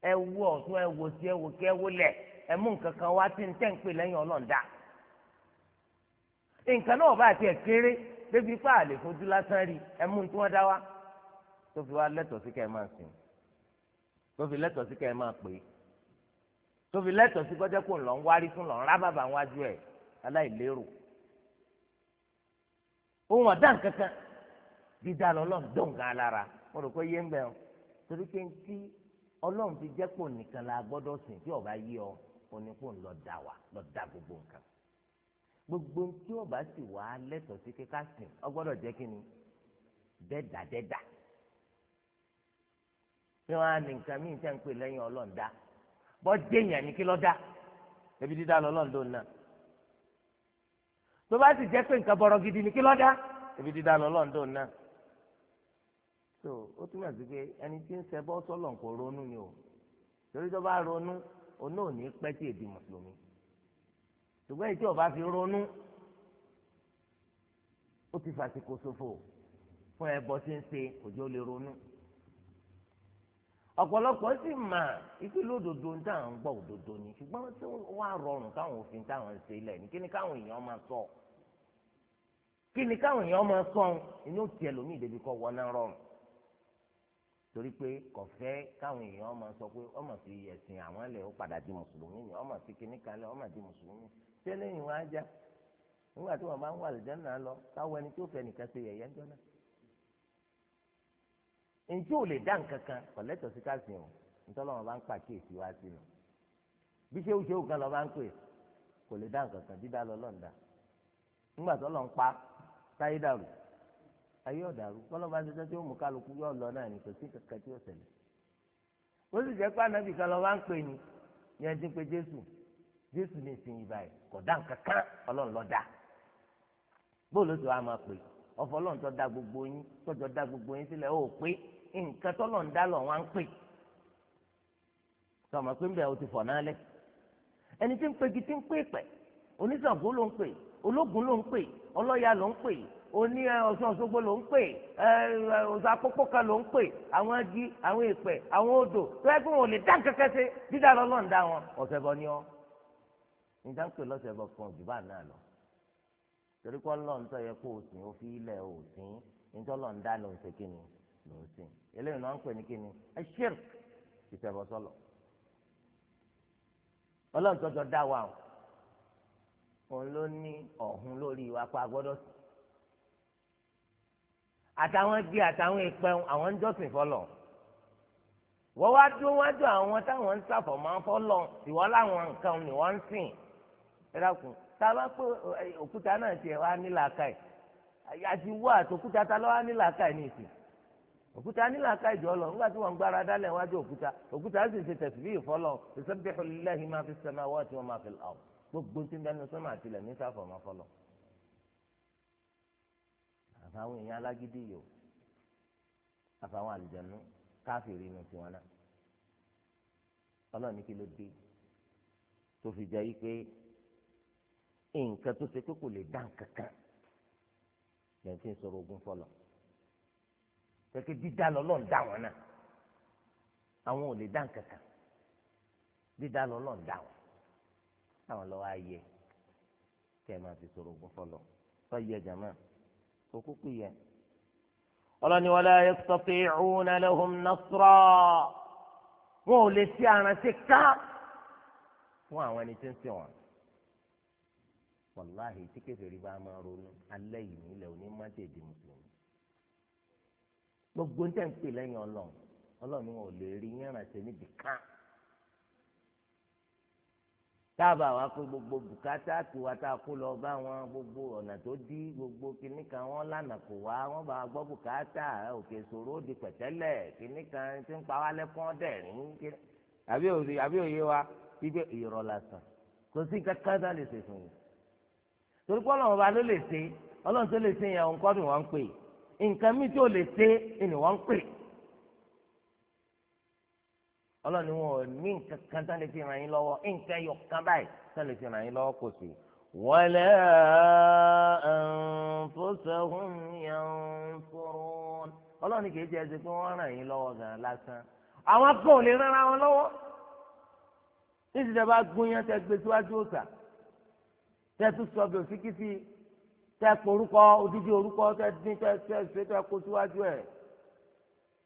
ẹ wo ọ̀tún ẹ wo sí ẹ wo kí ẹ wo lẹ̀ ẹ mú nǹkan kan wá tí ń tẹ̀ ń pè lẹ́yìn ọlọ́ọ̀dà nǹkan náà bá tiẹ̀ kéré débi pé àlè fojú lásán rí ẹ mú tí wọ́n dá wá tó fi wá lẹ́tọ̀ọ́ sí kẹ́ ẹ máa sìn tó fi lẹ́tọ̀ọ́ sí kẹ́ ẹ máa pè é tó fi lẹ́tọ̀ọ́ sí kọ́jẹ́ kó ń lọ ń wárí fún lọ ń rá bàbá wájú ẹ̀ aláìlérò ohun ọ̀dàn kankan dídá lọ́lọ́ dùn gan mo rò pé yé ń bẹ̀ ọ́ torí pé ń tí ọlọ́run fi jẹ́ pò nìkan la gbọ́dọ̀ sìn tí ọba yí ọ onípò ń lọ dà wá lọ dà gbogbo nǹkan gbogbo tí ọba sì wá lẹ́tọ̀ọ́ sí kíkà sìn ọ gbọ́dọ̀ jẹ́ kí ni dẹ́dà dẹ́dà ní wọn á ní nǹkan míì tẹ́ ń pè lẹ́yìn ọlọ́run dá bọ́ déèyàn ní kí lọ́ dá ebi dídá lọ́lọ́run ló ná tó bá sì jẹ́ pé nǹkan bọ̀rọ̀ gidi ní kí lọ́ dá ebi dídá lọ́lọ́run ló ná. so ó túmọ̀ sí pé ẹni tí ń ṣẹbọ sọ́lọ̀ kò ronú ni o torí tó bá ronú òun náà ní pẹ́ tí èdè mùsùlùmí ṣùgbọ́n èyí tí ọba fi ronú ó ti fàṣìkò ṣòfò fún ẹbọ tí ń ṣe òjò lè ronú ọ̀pọ̀lọpọ̀ sì mà ikú lódodo ń tà ń gbọ́ òdodo ni ṣùgbọ́n tí wọ́n á rọrùn káwọn òfin táwọn ń ṣe ilẹ̀ ní kí ni káwọn èèyàn máa sọ kí ni káwọn èèyàn máa sọ inú tiẹ̀ lómi ìdẹ́bi kọ́ wọ́n náà rọrùn torí pé kọfẹ káwọn èèyàn ọmọ sọ pé ọmọ fi ẹsìn àwọn ẹlẹ ó padà di mùsùlùmí ọmọ fi kíní kalẹ ọmọ di mùsùlùmí tẹ́lẹ̀ yìí wọn á já nígbà tí wọn lọ káwọn ẹni tó fẹ́ nìkan ṣe ńjọ náà njẹ́ lè dá nǹkan kọ̀lẹ́tọ̀ sí o nítorí wọn bá ń pàkíyèsí wá sínú bí ṣé oṣù lọ ayé ọ̀dàrú kọ́lọ́ba ti tán tí ó mú kálukú yọ lọ náà ní kò sí kankan tí ó ṣẹlẹ̀ ó sì jẹ́ pé ànábì kan lọ́ba ń pè ní ní ẹni tí ń pe jésù jésù ní ìsìn ìbá ẹ̀ kò dá nǹkan kan ọlọ́run ló dá bóòlù tó a máa pè ọ̀fọ̀ ọlọ́run tó dá gbogbo yín tọ́jọ́ dá gbogbo yín sílẹ̀ ó pé nǹkan tọ́lọ́run dá lọ́ wá ń pè tọmọ pé ń bẹ̀ o ti fọ̀ náà lẹ̀ ẹni tí ń pegi tí ń pè pẹ̀ oníṣàngó ló ń pè ológun ló ń pè ọlọ́ya ló ń pè oní ọ̀sán ọ̀ṣogbo ló ń pè ọ̀sán àpópó kan ló ń pè àwọn igi àwọn ìpẹ́ àwọn odò lọ́wọ́ pé wọn ò lè dá kẹ́kẹ́ sí dídá lọ́lọ́run dá wọn ọ̀sẹ̀ bọ̀ ni ọ́ nígbà ń pè lọ́sẹ̀ bọ̀ kan jù bá náà lọ torí kọ́ lọ́n tó yẹ kó o sìn ó fi ilẹ̀ o sìn nítorí lọ́n dá ló ń ṣe kíni ló ń sìn eléyìí náà ń pè ní kíni ẹ ṣírk ìṣẹ̀bọ̀sọ̀lọ̀ ọlọ́run tọ́jọ́ àtàwọn igi àtàwọn ìpẹun àwọn ń jọ́sìn fọlọ wọ́n wá dúró wájú àwọn táwọn ń sàfọ̀ máa ń fọlọ ìwọ́ láwọn nǹkan ni wọ́n ń sìn ẹ dákun tá a bá pé òkúta náà tiẹ̀ wá ní làákàyè àti wọ́ àti òkúta ta ló wá ní làákàyè ní ìsìn òkúta ní làákàyè jọ lọ nígbà tí wọ́n ń gbára dálẹ̀ wájú òkúta òkúta sì ṣe tẹ̀síbí ìfọlọ ìsọ́bìtì àfàwọn èèyàn alágídí yìí o àfàwọn àlùjànnú káfíìrì inú tiwọn náà ọlọ́ọ̀ni kí ló dé tó fi jẹ́ yìí pé nǹkan tó ṣe pé kò lè dá nǹkan kan lẹ́yìn tí ń sọ̀rọ̀ ogun fọlọ̀ kẹ́kẹ́ dídá lọ́lọ́ọ̀ dá wọn náà àwọn ò lè dá nǹkan kan dídá lọ́lọ́ọ̀ dá wọn táwọn lọ́wọ́ ayẹ kẹ́ ẹ máa fi sọ̀rọ̀ ogun fọlọ̀ sọ yẹ jàmáà kò kúkú yẹ ọlọ́ni wala yastati'una lahum nasra wọn ò lè ṣe àrántí ká fún àwọn ẹni tí ń sìn wọn wàláhì tí kèfèrí bá máa ronú alẹ́ yìí nílẹ̀ òní má tẹ̀ di mùsùlùmí gbogbo ń tẹ̀ ń pè lẹ́yìn ọlọ́run ọlọ́run wọn ò lè rí yẹn ránṣẹ́ níbi kan tábà wá pé gbogbo bùkátà tiwa tá a kó lọ bá wọn gbogbo ọ̀nà tó dí gbogbo kinní kan wọn lànà kò wá wọn bá gbọ́ bùkátà òkè ìṣòro di pẹ̀tẹ́lẹ̀ kinní kan tí ń pa wá lẹ́kún dẹ̀rín àbí òye wa gbígbé ìrọ̀ lásán kò sí kankan tá a lè ṣe fún yìí torí pé ọlọ́run ọba ló lè ṣe ọlọ́run tó lè ṣe yẹn òun kọ́ ni wọ́n ń pè nǹkan mi tí ò lè ṣe ni wọ́n ń pè ọlọ́ni wọn ò ní nǹkan kan tán lè fi ràn yín lọ́wọ́ nǹkan yọ kan báyìí tán lè fi ràn yín lọ́wọ́ kò sí. wala anfusahum yanfurun ọlọ́ni kì í jẹ́ ẹsẹ̀ pé wọ́n ràn yín lọ́wọ́ gan lásán àwọn kan ò lè ràn wọn lọ́wọ́ níṣìṣẹ́ bá gúnyán tẹ gbé síwájú òòsà tẹ tún sọ bí òsíkìsì tẹ pé orúkọ orúkọ tẹ dín tẹ tẹ ṣe tẹ kó síwájú ẹ̀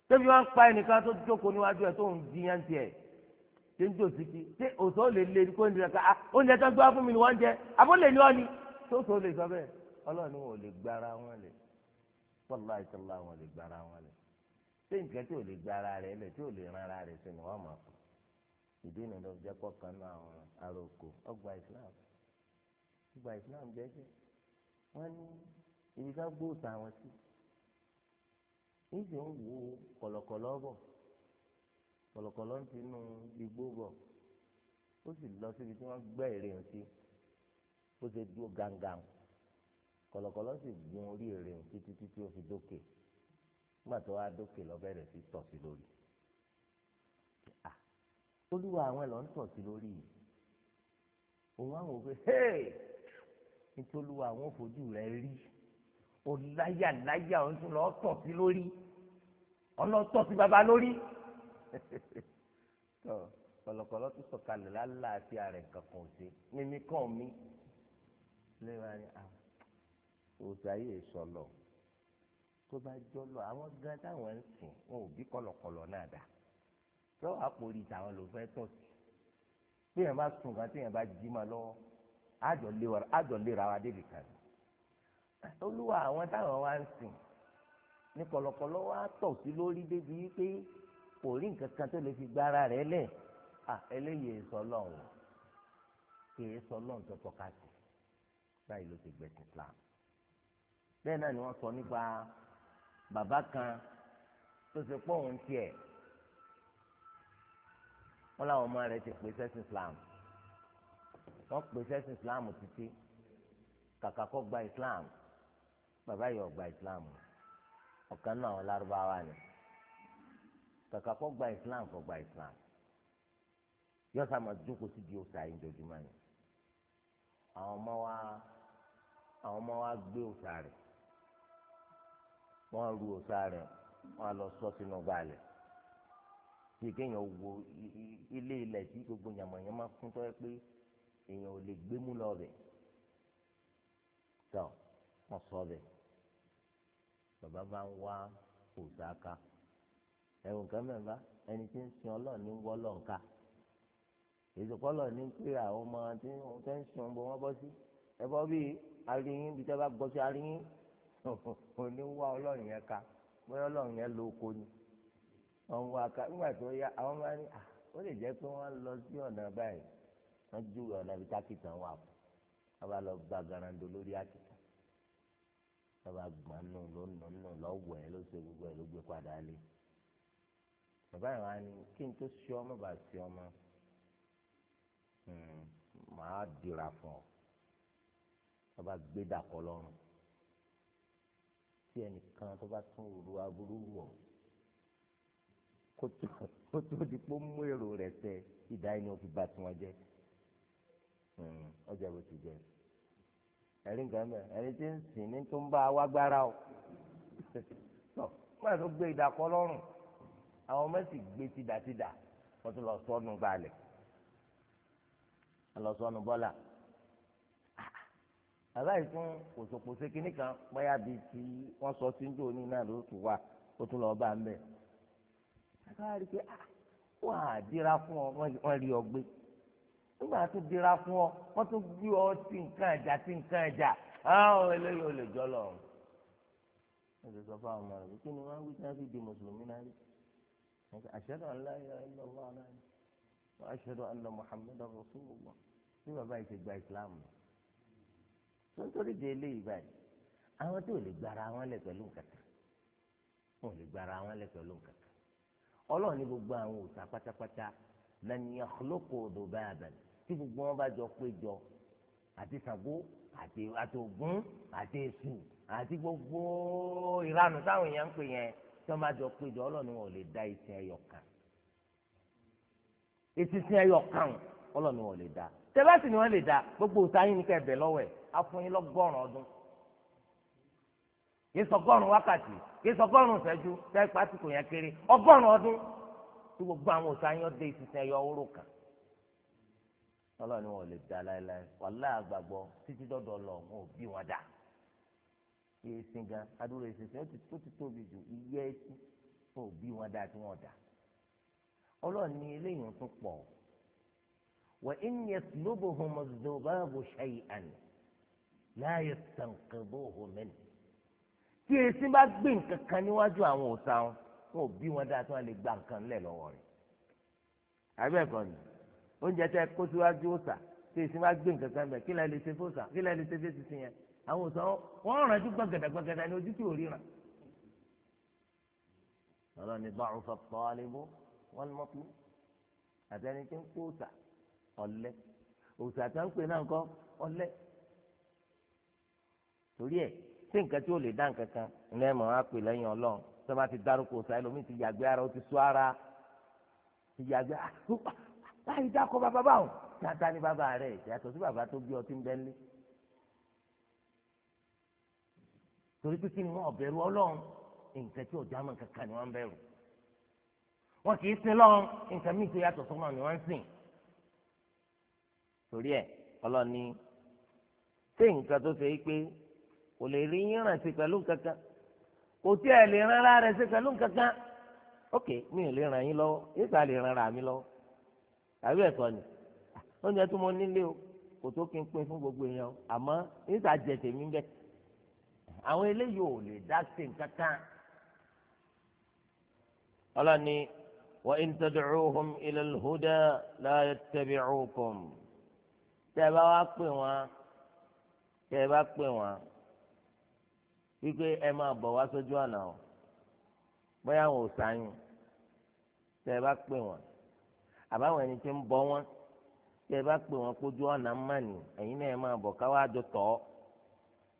tẹ́bi wọn pa ẹnìkan tó jókòó níwájú ẹ̀ tó ń jiyàn tiẹ̀ ṣé ń jò títí ṣé òtó lè lé kó ń dirẹ̀ ká ah, oúnjẹ tó ń gbọ́ fún mi ni wọ́n jẹ àbó lè ní ọ́ni tó tó lè sọ bẹ́ẹ̀ ọlọ́run ni wọn ò lè gbára wọn lẹ̀ pọ́lá ìtọ́lá wọn lè gbára wọn lẹ̀ ṣé nǹkan tí ò lè gbára rẹ̀ lẹ̀ tí ò lè ran ara rẹ̀ sí ni wọ́n mọ̀ fún ìdí ìnà lọ jẹ́ kọ́kan náà àwọn aróko ọgbà Islam ọgbà Islam jẹ́jẹ́ wọ́n ní ibi ká gbóòtà wọn sí níṣẹ́ ń wo kọ̀lọ̀kọ̀lọ̀ bọ̀ kọ̀lọ̀kọ̀lọ̀ ń tinú igbó bọ̀ ó sì lọ síbi tí wọ́n gbẹ́ ère ń sí ó ṣe dúró gangan kọ̀lọ̀kọ̀lọ̀ sì gun orí ère ń títí títí ó fi dókè nígbà tó wá dókè lọ bẹ̀rẹ̀ sí tọ̀ sí lórí olúwa àwọn ẹ̀ lọ ń tọ̀ sí lórí yìí òun àwọn òfin hey nítorí àwọn òfojú rẹ̀ rí ó láyà láyà ó ń tún lọ tọ̀ sí lórí ọlọ́tọ̀ sí baba lórí tọ kọlọkọlọ tó sọ̀kalẹ̀ lálá àti àrẹ kankan ṣe mímí kàn mí lẹ́wọ̀n ni à òòtù ayé sọlọ tó bá jọlọ àwọn gan táwọn ń sìn wọn ò bí kọlọkọlọ náà dà tó àpòrí tàwọn ló fẹ́ tọ̀ sí téèyàn bá sùn kan téèyàn bá jí ma lọ́wọ́ àjọ lera wa débi olúwa àwọn táwọn wá ń sìn ní kọ̀lọ̀kọ̀lọ̀ wá tọ̀ sí lórí débi pé kò rí nǹkan kan tó lè fi gba ara rẹ̀ lẹ̀ à eléyìí sọ lọ́hùn kìí sọ lọ́hùn tó tọ́ka sí báyìí ló ti gbẹ̀sìn Islam bẹ́ẹ̀ náà ni wọ́n sọ nípa bàbá kan tó ṣe pọ̀ òun tiẹ̀ wọ́n láwọn ọmọ rẹ̀ ti pè sẹ́sìn Islam wọ́n pè sẹ́sìn Islam títí kàkà kọ́ gba Islam bàbá yìí ọgbà islam ọ̀kan náà àwọn lárúbáwá ni kàkà kọ́ gba islam kọ́ gba islam yọ sàmà jókòó sí di òsà yìí jojúmọ́ ni àwọn ọmọ wa àwọn ọmọ wa gbé òsà rẹ̀ wọ́n ru òsà rẹ̀ wọ́n lọ sọ sínú gbalẹ̀ bí kéèyàn wo ilé ilẹ̀ tí gbogbo yàmọ̀yàmọ̀ kún tọ́ ẹ pé èèyàn ò lè gbé mú lọ bẹ̀ tọ́ wọ́n sọ bẹ́ẹ̀ bàbá bá ń wá òòsàkà ẹ̀wọ̀n kan mẹ́fà ẹni tí ń sin ọlọ́ọ̀ ní wọ́lọ́ nǹka ìsopọ́lọ̀ ní pé àwọn ọmọ tí wọ́n fẹ́ ń sin ọmọ wọn bọ́ sí ẹ bọ́ bí aríyín bí tẹ́ bá gbọ́ sí aríyín òní wá ọlọ́ọ̀ yẹn ka bóyá ọlọ́ọ̀ yẹn lo oko ni wọ́n wá ka nígbà tó yá àwọn máa ní à ó lè jẹ́ pé wọ́n lọ sí ọ̀nà báyìí wọ́n júwe ọ̀nà ibi tákìtàn wà fún wọ́n bá lọ gba lórí àkìtàn lọ́ba gbọ́n nù ló nù nù lọ́wọ́ ẹ̀ ló ṣe gbogbo ẹ̀ ló gbé padà lé bàbá yìí wá ní kí n tó ṣe ọmọ bá ṣe ọmọ hmm, màá dira fún ọ tó bá gbé dàkọ lọ́rùn tí ẹnìkan tó bá tún òru aburú wọ kó tó di pé ó mú èrò rẹ̀ tẹ ìdá ẹni ó fi bà tiwọn jẹ́ ọjà hmm, bó ti jẹ́ ẹ̀rí nǹkan mẹ́ ẹni tí ń sìn ní tó ń bá wa gbára o tó má tó gbé ìdàkọ lọ́rùn àwọn ọmọ sì gbé tìdàtìdà wọ́n tún lọ sọ́nù balẹ̀ lọ sọ́nù bọ́là bàbá yìí kínní kan bóyá bí tí wọ́n sọ sí ní òní náà ló tún wà ó tún lọ bá ń bẹ̀. ká rí pé ah, wọ́n á dira fún ọ wọ́n rí ọ gbé nígbà tó dira fún ọ wọ́n tún gbé ọ sí nǹkan ẹ̀jà sí nǹkan ẹ̀jà àwọn eléyìí ò lè jọ lọ. wọ́n ti sọ fún àwọn ọmọ rẹ̀ kí ni wọ́n á wí sáfi di mùsùlùmí náà rí ashhadu an la ilaha illallah wa ashhadu anna muhammadan rasulullah bí bàbá yìí ti gba islam lọ. tó ń torí de eléyìí báyìí àwọn tí lè gbára wọn lẹ̀ pẹ̀lú nǹkan wọn lè gbára wọn lẹ̀ pẹ̀lú nǹkan kan ní gbogbo àwọn òòṣà pátápátá lan tí gbogbo wọn bá jọ péjọ àti Ṣàngó àti àtògún àti èṣù àti gbogbo ìranù táwọn èèyàn ń pè yẹn tí wọn bá jọ péjọ ọlọ́ni wọn ò lè dá ìsìn ẹyọ kan ìsìn ẹyọ kan ọlọ́ni wọn ò lè dá tẹ́lá ni wọ́n lè dá gbogbo òtáyín ní kẹ́ẹ̀bẹ̀ lọ́wọ́ ẹ̀ afúnyín lọ́gọ́rùn ọdún kì í sọgọ́rùn wákàtí kì í sọgọ́rùn ìṣẹ́jú tẹ́ pásítọ̀ yẹn kéré ọgọ́rùn ọdún tí gbogbo àwọn òtáyín ọdẹ ìsìn ẹyọ oró kan ọlọ́run ni wọn lè da láéláé wàhálà àgbàgbọ́ títí dọ́dọ̀ lọ wọn ò bí wọn dà èsì gan adúrò èsì tó ti tóbi jù iye ẹsì wọn ò bí wọn dà tí wọn dà ọlọ́run ni eléyìí tún pọ̀ wà inni yaslubuhum az-zubabu shay'an la yastanqidhuhu min tí èsì bá gbé nǹkan kan níwájú àwọn òòṣà wọn ò bí wọn dà tí wọn lè gba nǹkan lẹ̀ lọ́wọ́ rẹ̀ àbẹ́ẹ̀kọ́ ni oúnjẹ tẹ kó síwájú òòsà tí èsì máa gbé nǹkan kan bẹ̀ kí lẹ́ẹ̀ lè ṣe fóòsà kí lẹ́ẹ̀ lè ṣe fèsì sí yẹn àwọn òòsà wọn rànjú gbọ̀gàdàgbọ̀gàdà ní ojú tí ò ríran. ọlọ́run ní báwọn fọ pọ́ọ́lẹ́bù wọn mọ́ pé àtẹni tí ń kó òòsà ọ̀lẹ òòsà tó ń pè náà kọ́ ọ̀lẹ torí ẹ̀ sí nǹkan tí ó lè dá nǹkan kan ńlẹ́ mọ̀ láì dákọ bàbá báwọn tata ni bàbá rẹ yàtọ̀ sí bàbá tó bí ọtí ń bẹ́ńlẹ̀ torí pé kí ni wọn ọ̀bẹ̀rù ọlọ́run nǹkan tí ọjà mọ̀ kankan ni wọ́n ń bẹ̀rù wọn kì í sin lọ́run nǹkan míì tó yàtọ̀ sọ́mọ́ ni wọ́n ń sìn torí ẹ̀ ọlọ́ni ṣé nǹkan tó ṣe é pé kò lè rí yín ràn sí pẹ̀lú kankan kò tí ẹ̀ lè ràn ara rẹ̀ sí pẹ̀lú kankan ok mi ò lè ràn yín lọ́wọ́ yíṣà lè ràn ara mi lọ́wọ́ àbí ẹ̀kọ́ ni oúnjẹ tó mo nílé o kò tó kí n pín fún gbogbo èèyàn àmọ́ níta jẹ tèmi bẹ àwọn eléyìí ò lè dá sí nǹkankan ọlọ́ni wa in tad'uhum ila al-huda la yattabi'ukum tẹ́ ẹ bá wá pè wọ́n tẹ́ ẹ bá pè wọ́n wípé ẹ máa bọ̀ wá sójú ọ̀nà o bóyá àwọn ò sáyìn tẹ́ ẹ bá pè wọ́n àbáwọn ẹni tí ń bọ́ wọn tí ẹ bá pè wọn kójú ọ̀nà mánì ẹ̀yin náà ẹ máa bọ̀ káwá jọ tọ̀ ọ́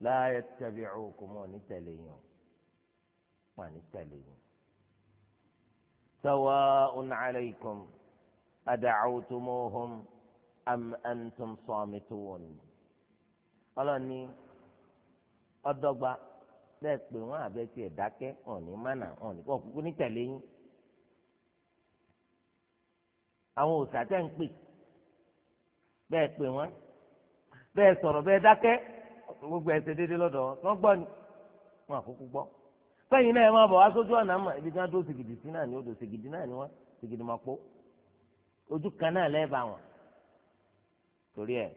láàyè tẹ̀lé òkú mọ́ ní tẹ̀lé yàn wà ní tẹ̀lé yàn. sawa'un alaykum ad'awtumuhum am antum samitun ọlọ́ni ọdọ́gba bẹ́ẹ̀ pè wọ́n àbẹ́tì ẹ̀dákẹ́ mánà ní tẹ̀lé àwọn òòṣà tẹ́ ń pè bẹ́ẹ̀ pè wọ́n bẹ́ẹ̀ sọ̀rọ̀ bẹ́ẹ̀ dákẹ́ gbogbo ẹ̀sẹ̀ dédé lọ́dọ̀ wọn gbọ́ ni wọn àkókò gbọ́ sẹ́yìn náà ẹ máa bọ̀ wá sójú ọ̀nà àmọ́ ibi tí wọ́n dó sìgìdì sí náà ni ó dó sìgìdì náà ni wọ́n sìgìdì máa pọ̀ ojú kan náà lẹ́ẹ̀bà wọn torí ẹ̀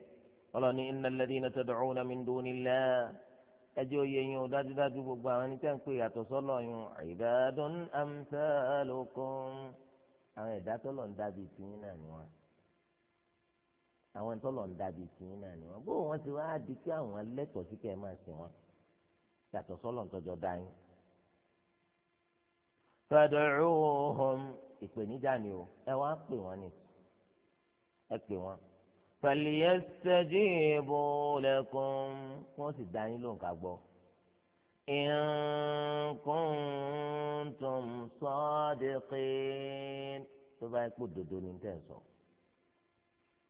ọlọ́ni innal ladhina tad'una min dunillah ẹjẹ́ oyè yín o dájúdájú gbogbo àwọn ẹni tẹ́ ń pè yàtọ̀ sọ́lọ́ yín ibadun amsalukum àwọn ẹ̀dá tọ́lọ̀ ń dàbí tìyín náà ni wọ́n àwọn tọ́lọ̀ ń dàbí tìyín náà ni wọ́n bó wọ́n ti wá di kí àwọn lẹ́tọ̀ọ́ sí kẹ́ ẹ máa sìn wọ́n yàtọ̀ sọ́lọ̀ tọjọ́ dá yín. fad'uuhum ìpèníjà ni o ẹ wá pè wọ́n ni ẹ pè wọ́n. falyastajibu lakum wọ́n sì dá yín lóǹkà gbọ́. إن كنتم صادقين تبا يكون دودون تنسو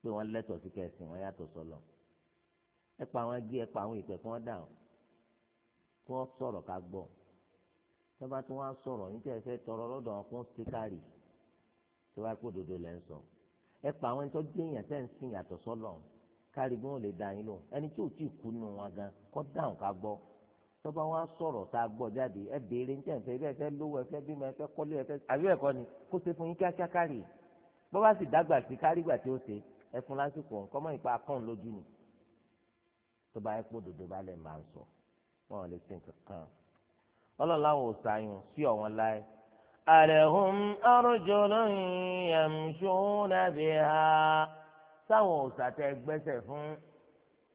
pé wọ́n lẹ́tọ̀ọ́ sí kẹsìn wọn yàtọ̀ sọlọ ẹ pa àwọn igi ẹ pa àwọn ìpẹ kí wọ́n dà kí wọ́n sọ̀rọ̀ ká gbọ́ tí wọ́n bá tún wá sọ̀rọ̀ níta ẹfẹ tọrọ lọ́dọ̀ wọn fún síkárì tí wọ́n kó dodo lẹ ń sọ ẹ pa àwọn ẹni tó dé èèyàn tẹ́ ń sìn yàtọ̀ sọlọ kárí bí wọ́n lè dá yín lò ẹni tí ò tí kú nù wọn gan kọ́ dáhùn ká gbọ́ tọ́ba wa sọ̀rọ̀ tá a gbọ́ jáde ẹ béèrè ní tẹ̀sán ẹbí ẹ̀fẹ́ lówó ẹ̀fẹ́ bímọ ẹ̀fẹ́ kọ́lé ẹ̀fẹ́ àbí ẹ̀kọ́ ni kó ṣe fún yín kíákíá kárì bọ́ba sì dàgbà sí kárí gbà tí ó ṣe ẹ fún lásìkò nǹkan mọ́ ìpa akọ́n lójú ni tọ́ba ẹ̀ pọ̀ dòdò bá lẹ̀ máa ń sọ wọn ò lè ṣe nǹkan ọlọ́láwọ̀ òsàyùn sí ọ̀wọ́n láì àlẹ́hùn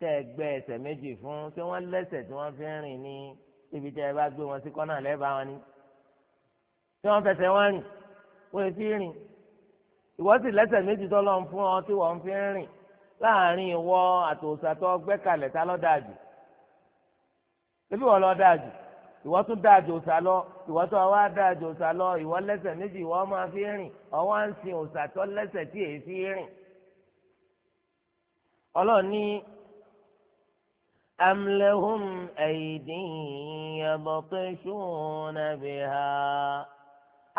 tẹ́ ẹ gbẹ́ ẹsẹ̀ méjì fún ṣé wọ́n lẹ́sẹ̀ tí wọ́n fi ń rìn ní ibi tẹ́ ẹ bá gbé wọn sí kọ́nà lẹ́bàá wọn ni tí wọ́n fẹsẹ̀ wọn rìn wọ́n fi rìn ìwọ sì lẹ́sẹ̀ méjì tó lọ́n fún ọ tí wọ́n fi ń rìn láàrin ìwọ àtòsàtọ́ gbẹ́kàlẹ̀ ta ló dáa jù ebi wọ́n ló dáa jù ìwọ tún dáa jù òsà lọ ìwọ tó wá dáa jù òsà lọ ìwọ lẹ́sẹ̀ méjì ìwọ máa fi rìn ọwọ́ à ń sin òsàtọ́ lẹ́sẹ̀ tí èyí fi rìn ọlọ́ọ̀ni أم لهم أيدي يبطشون بها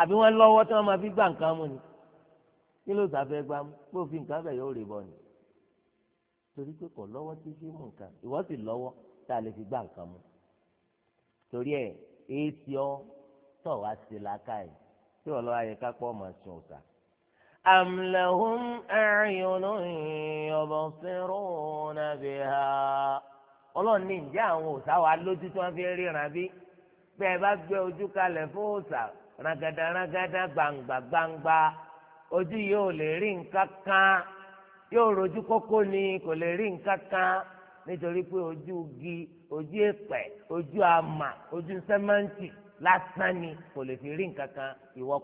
àbí wọ́n lọ́wọ́ tí wọ́n máa fi gbà nǹkan mú ni kí ló sàfẹ́ gbà mú kó fi nǹkan bẹ̀ yóò rè bọ̀ ni torí pé kò lọ́wọ́ tí fi mú nǹkan ìwọ sì lọ́wọ́ tá a lè fi gbà nǹkan mú torí ẹ̀ èsì ọ tọ̀ wá sí làákàyè tí wọ́n lọ́wọ́ ayẹ ká pọ̀ máa sun ọ̀sà. أم لهم أعين يبصرون بها ọlọ́run ní ǹjẹ́ àwọn òòṣà wa lójú tí wọ́n fi ń ríran bí bẹ́ ẹ bá gbé ojú kalẹ̀ fún òòṣà rangada gbangba gbangba ojú yìí lè rí nǹkan kan rojú kókó ni kò lè rí nǹkan kan nítorí pé ojú gi ojú èpẹ̀ ojú àmà ojú sẹ́mẹ́ǹtì lásán ni kò lè fi rí nǹkan kan ìwọ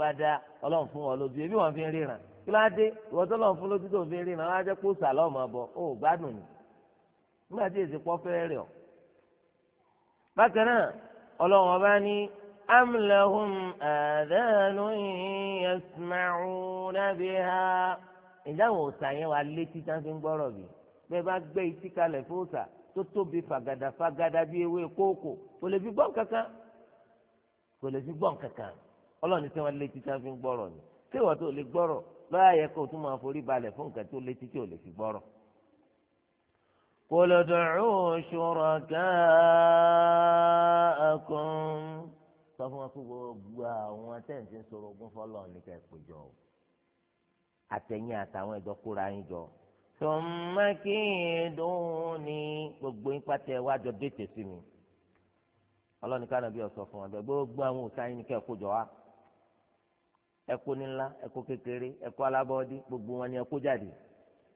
bá dá ọlọ́run fún wọn ebi wọn fi ń ríran kí ló dé ìwọ fún lójú tó fi nígbà tí èsì pọ́ fẹ́ rẹ̀ ọ́. bákan náà ọlọ́run ọba ní amlahum adanu yasma'una biha ìdáhùn òòsà yẹn wà létí tí wọ́n fi ń gbọ́rọ̀ bí bẹ́ẹ̀ bá gbé etí kalẹ̀ fún òòsà tó tóbi fàgàdà fàgàdà bíi ewé kóòkò kò lè fi gbọ́n kankan kò lè fi gbọ́n kankan ọlọ́run tí wọ́n létí tí wọ́n fi ń gbọ́rọ̀ ni tí wọ́n tó lè gbọ́rọ̀ lọ́yà yẹ kó o tún máa forí balẹ̀ fún nǹkan tó létí tí ò lè fi gbọ́rọ̀. قل ادعوا شركاءكم sọ fún wọn kó gbogbo àwọn tẹ̀sí ń sọ̀rọ̀ ogún fọlọ́ ní ká ẹ̀pọ̀ jọ àtẹ̀yìn àtàwọn ìjọ kóra yín jọ. ثم كيدوني gbogbo yín pátá ẹ wá jọ dètè sí mi ọlọ́ni ká nàbí ọ̀sọ̀ fún wọn bẹ́ẹ̀ gbogbo àwọn òòtá yín ní ká ẹ̀kọ́ jọ wá ẹ̀kọ́ nílá ẹ̀kọ́ kékeré ẹ̀kọ́ alábọ́ọ́dí gbogbo wọn ni ẹ̀kọ́ jáde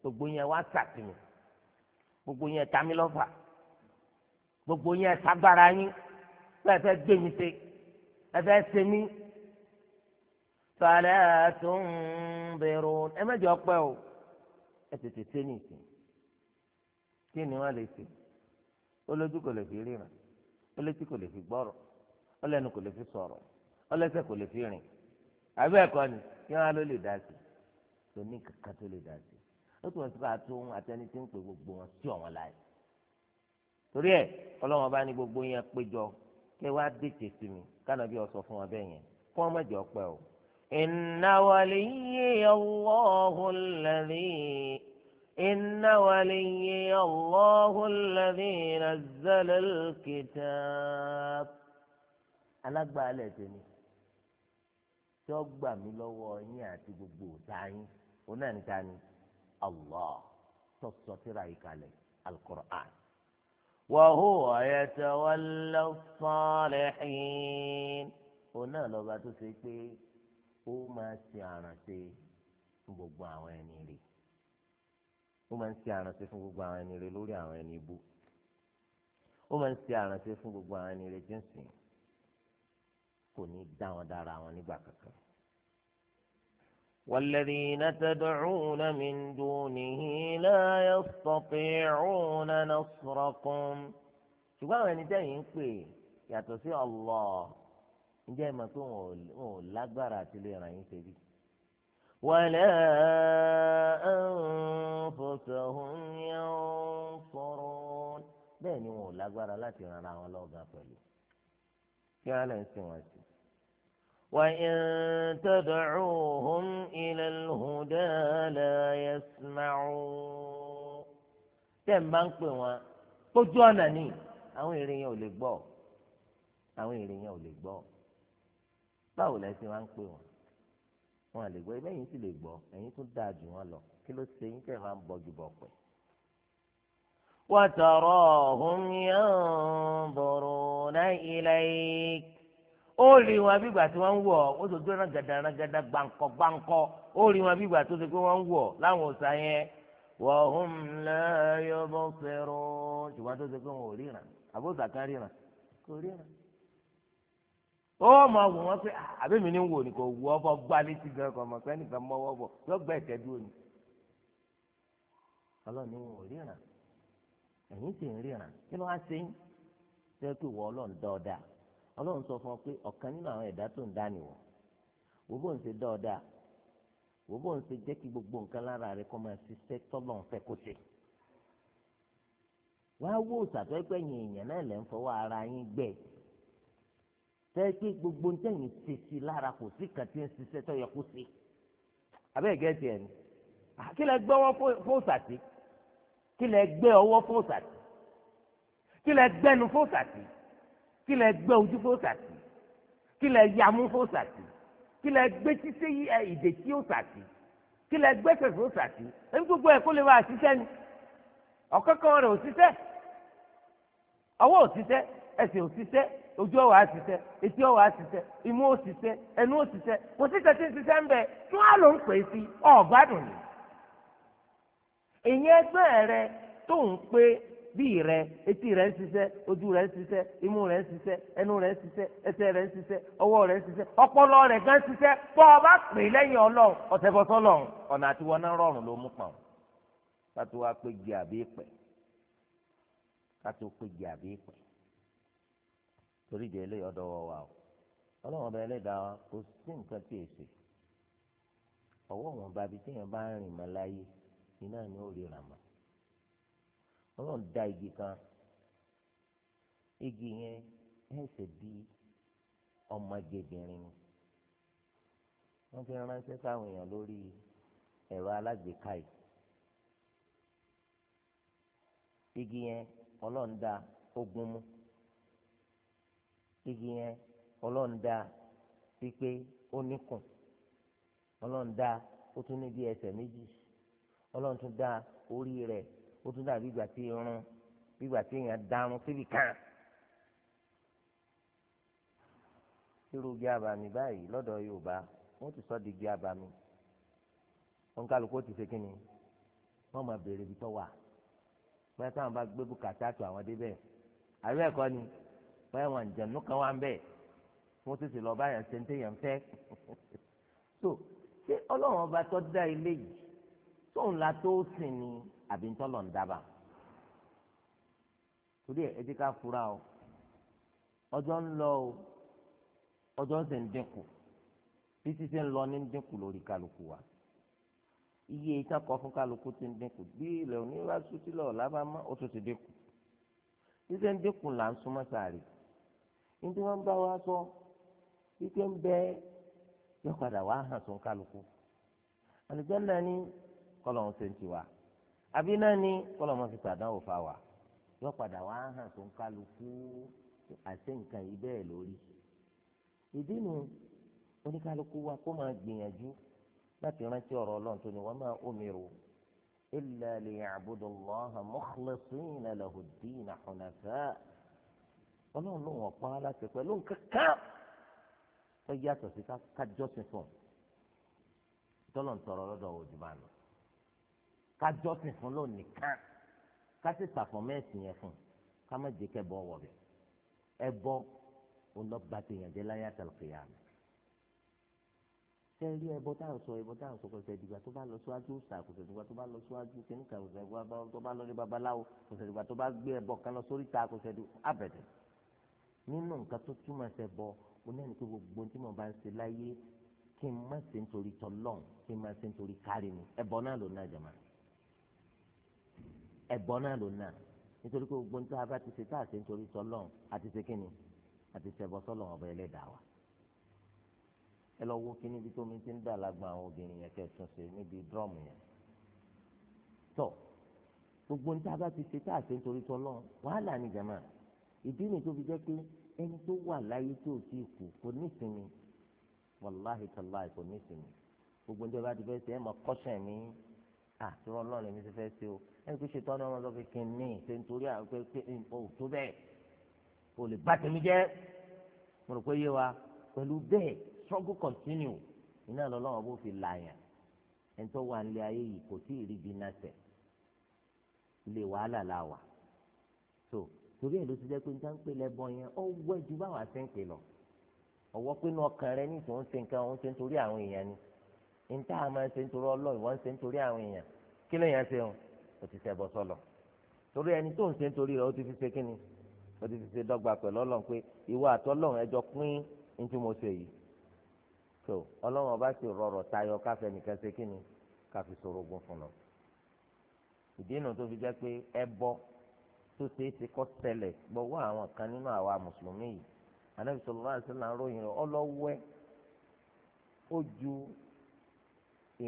gbogbo yín ẹ wá sàtìmọ̀ gbogbo yẹn ta mí lọ́fà gbogbo yẹn sagbára yín pé ẹ fẹ́ gbé mi ṣe ẹ fẹ́ ṣe mí fàlẹ́ tó ń bẹ̀rù ẹ mẹ́jọ pẹ́ o ẹ tètè ṣe ní ìsìn kí ni wọ́n lè ṣe olójú kò lè fi ríran olójú kò lè fi gbọ́rọ̀ ọlẹ́nu kò lè fi sọ̀rọ̀ ọlẹ́sẹ̀ kò lè fi rìn àbí ni kí wọ́n á ló lè dá sí i kò ní kankan tó lè dá sí i ó tún wọn ti bá a tó ohun àtẹni tí ń pè gbogbo wọn sí ọ̀wọ́n láì torí ẹ ọlọ́wọ́n bá ní gbogbo yẹn péjọ kí wàá dèjè sí mi kánàbí ọ̀sọ fún wọn bẹ́ẹ̀ yẹn kó wọn mọ̀jọ pẹ́ o. inna waliyya Allahu alladhi inna waliyya Allahu alladhi nazzala al-kitab. alágbàálẹ̀ tèmi tí ó gbà mí lọ́wọ́ yín àti gbogbo òtá yín òun náà níta ni allah tọ́sọ tíra ìkàlẹ̀ alukur'an. wàhùwà yẹtẹ̀ wàlẹ̀ sọ́ọ̀lẹ́hìn. òun náà lọ́ba tó ṣe pé ó máa ṣe àrànṣe fún gbogbo àwọn ẹni rẹ̀ ó máa ń ṣe àrànṣe fún gbogbo àwọn ẹni rẹ̀ lórí àwọn ẹni ibú ó máa ń ṣe àrànṣe fún gbogbo àwọn ẹni rẹ̀ jẹ́sìn kò ní í dá wọn dára wọn nígbà kankan. والذين تدعون من دونه لا يستطيعون نصركم ṣùgbọ́n àwọn ẹni tẹ́yìn ń pè yàtọ̀ sí Allah ǹjẹ́ ẹ mọ̀ pé wọn ò lágbára àti lè ràn yín ṣebí. wala anfusahum yansurun bẹ́ẹ̀ ni wọn ò lágbára láti ràn ara wọn lọ́gàá pẹ̀lú kí wọ́n lè ń sìn wọ́n sí. وإن تدعوهم إلى الهدى لا يسمعون tẹ́ ń bá ń pè wọ́n kójú ọ̀nà ni àwọn èrè yẹn ò lè gbọ́ àwọn èrè yẹn lè gbọ́ báwo lẹ sì lè gbọ́ ẹ̀yin tún dáa jù wọ́n lọ kí ló ṣe yín tẹ́ ń bọ́ ju bọ̀ pẹ́. وتراهم ينظرون إليك ó rí wọn bí tí wọ́n ń wọ̀ ó sì dúró rángàdà rángàdà gbàǹkọ gbàǹkọ ó rí wọn bí tó ṣe pé wọ́n ń wọ̀ láwọn yẹn la yubsirun ṣùgbọ́n tó pé wọn ò ríran kan ríran kò ríran. ó máa wò pé ni ń wò kò gbá létí gan kan mọ̀ pé nìkan mọ́wọ́ bọ̀ yọ gbẹ́ ìtẹ́dúró ni. wọn ò ríran ẹ̀yìn sì ń ríran kí ló wá ọlọ́run sọ fún ọ pé ọ̀kan nínú àwọn ẹ̀dá tó ń dá nìwọ̀ wò bó ń ṣe dọ́ọ̀dà wò bó ń ṣe jẹ́ kí gbogbo nǹkan lára rẹ kọ́ máa ṣiṣẹ́ tọ́lọ́run fẹ́ kó ṣe. wá wò sàtọ́ pé ẹ̀yìn èèyàn náà lẹ́ ń fọwọ́ ara yín gbẹ̀ tẹ́ pé gbogbo ntẹ̀yìn ṣe sí lára kò sí kàtí ń ṣiṣẹ́ tó yẹ kó ṣe. àbẹ́ ẹ̀gẹ́ tiẹ̀ ni kí lẹ gbé ọwọ́ fóòsàtì kí lẹ gbé ọwọ́ fóòsàtì kí lẹ gbẹ́nu fóòsàtì kí lẹ gbẹ ojú fòsàtì kí lẹ yamú fòsàtì kí lẹ gbé títí ìdètí fòsàtì kí lẹ gbẹsẹ fòsàtì ẹni gbogbo ẹ kó lè wá àṣìṣe ni ọ̀kọ́kọ́ rẹ̀ òṣìṣẹ́ ọwọ́ òṣìṣẹ́ ẹsẹ̀ òṣìṣẹ́ ojú ọwọ́ àṣìṣẹ́ etí ọwọ́ àṣìṣẹ́ imú òṣìṣẹ́ ẹnu òṣìṣẹ́ kò sí tẹ̀sí ṣiṣẹ́ ń bẹ̀ kí wọ́n á ló ń pè é sí ọ̀gbádùn ni. èyí ẹgbẹ́ rẹ tó ń pé bí rẹ etí rẹ ń ṣiṣẹ́ ojú rẹ ń imu imú rẹ ń ẹnu rẹ ń ṣiṣẹ́ rẹ ń ọwọ rẹ ń ọpọlọ rẹ gan ṣiṣẹ́ bá pè lẹ́yìn ọlọ́run ọ̀nà àti wọn náà rọrùn ló mú pọ̀n kátó wá àbí kátó pé àbí torí ọ̀dọ̀ wọ o ọba kò sí nǹkan tí èsì wọn ọlọ́run igi kan igi yẹn ẹsẹ̀ bí ọmọgébìnrin ni wọ́n fi ránṣẹ́ sáwọn èèyàn lórí ẹ̀rọ alágbèéká yìí igi yẹn ọlọ́run igi yẹn ọlọ́run pípé ọlọ́run ó tún ní bí ó tún dàbí ìgbà tí irun bí ìgbà tí èèyàn darun síbi kan. irú igi abàmì báyìí lọ́dọ̀ Yorùbá wọ́n ti sọ di igi abàmì wọn kálukú ti ṣe kínni wọ́n máa béèrè ibi tó wà báyìí táwọn bá gbé bùkátà tó àwọn débẹ̀ àbí ẹ̀kọ́ ni báyìí wọn àjẹnú kan wà ń bẹ̀ wọ́n ti sì lọ báyà ṣe ń téèyàn fẹ́ so ṣé ọlọ́run ọba tó dá ilé yìí tóun la tó sìn ni àbí ntọ́lọ̀ ń dábàá torí ẹ ẹdí ká fura o ọjọ́ ń lọ o ọjọ́ ń sì ń dínkù bí títí ń lọ ní ń dínkù lórí kálukú wa iye ìtakọ̀ fún kálukú ti ń dínkù bí ilẹ̀ òní bá sùtí lọ lábàámọ́ ó tún ti dínkù títí ń dínkù là ń súnmọ́ sàárè nítorí wọ́n bá wa sọ títí ń bẹ yọ padà wá hàn sún kálukú àlùjọ́ náà ní kọ́lọ̀ ń sèǹtì wa àbí náà ni kọlọmọ fi pàdánwò fa wa yọ padà wá hàn tó ń kálukú àti nǹkan yìí bẹ́ẹ̀ lórí ìdí nu oníkálukú wa kó máa gbìyànjú láti rántí ọ̀rọ̀ ọlọ́run tó ní wa ma umiru illa liya'budu Allaha mukhlisina lahu ad-dina hunafa ọlọ́run ló wọ̀n pa láti pẹ̀lú nǹkankan tó yàtọ̀ sí kájọ́sìn fún un tọ́lọ̀ ń tọrọ lọ́dọ̀ òjò bá lọ kájọ́sìn fún lóun nìkan ká sì sàfọ̀mẹ́sì yẹn fún ká má jẹ́ kẹ́ bọ́ wọ̀bẹ̀ ẹ bọ́ ọlọ́gba ti yàn jẹ́ láyé àtàlùkìyà mi. sẹ́ẹ̀rí ẹbọ tá à ń sọ ẹbọ tá à ń sọ kọsẹ̀ ìdìgbà tó bá lọ síwájú ṣàkóso ìdìgbà tó bá lọ síwájú kìnnìkan kọsẹ̀ ìdìgbà tó bá lọ ní babaláwo kọsẹ̀ ìdìgbà tó bá gbé ẹbọ kan lọ sórí ta kọsẹ̀ ìdìgbà abẹ̀dẹ̀. nínú nǹkan tó túmọ̀ ṣe bọ oníyànjú pé gbogbo tí mo bá ń ṣe láyé kí n má ṣe nítorí tọ́lọ́n kí n má ṣe nítorí kárí mi ẹbọ náà ló ná jàmáà ẹbọ náà ló náà nítorí pé gbogbo nítorí abá ti ṣe tá a ṣe nítorí sọlọ́n àti ṣe kíni àti ṣẹbọ sọlọ́n ọba ẹlẹ́dàá wa. ẹ lọ wo kíní ibi tó mi ti ń dà lágbà àwọn obìnrin yẹn kẹsùn ṣe níbi drọ́ọ̀mù yẹn. tọ gbogbo nítorí abá ti ṣe tá a ṣe nítorí sọlọ́n wàhálà ni jàmá ìdí mi tó fi jẹ́ pé ẹni tó wà láyé tó ti kù kò nísìnyí wàláhìí kò nísìnyí gbogbo nítorí abá ti fẹ́ àti ọlọ́run lèmi ti fẹ́ ṣe o ẹni pé ṣètò ọ̀nà ọmọdé ọ̀gbìn kì í ní ṣe nítorí àpé pé o ò tó bẹ́ẹ̀ o lè bá tèmi jẹ́ mo rò pé yé wa pẹ̀lú bẹ́ẹ̀ struggle continue iná lọ́lọ́run bó fi làyàn ẹni tó wà nílé ayé yìí kò tí ì rí bí nàṣẹ ilé wàhálà la wà so torí ẹ̀ ló ti jẹ́ pé níta ń pè lẹ́bọn yẹn ó wẹ́ ju báwa ṣe ń pè lọ ọ̀wọ́ pinnu ọkàn rẹ ní ìtò ń ṣe nǹkan òun ṣe nítorí àwọn èèyàn ni. Nta ama ṣe nítorí ọlọ́run wọ́n ṣe nítorí àwọn èèyàn kí ló yẹn ṣe o ò ti ṣẹ̀bọ̀ sọlọ torí ẹni tó ń ṣe nítorí rẹ̀ ó ti fi ṣe kíni ó ti fi ṣe dọ́gba pẹ̀lú ọlọ́run pé ìwọ àtọ́lọ́run ẹjọ́ pín ní tí mo ṣe yìí tó ọlọ́run ọba sì rọrọ̀ tayọ káfẹ́ nìkan ṣe kíni káfi sorogún fún lọ ìdí inú tó fi jẹ́ pé ẹbọ tó ṣe é ṣe kọ́ tẹ̀lẹ̀ gbọ́wọ́ àwọn kan nínú àwa mùsùlùmí yìí anábìsọ̀rọ̀ láti ṣe là ròyìn rẹ̀ ọlọ́wẹ́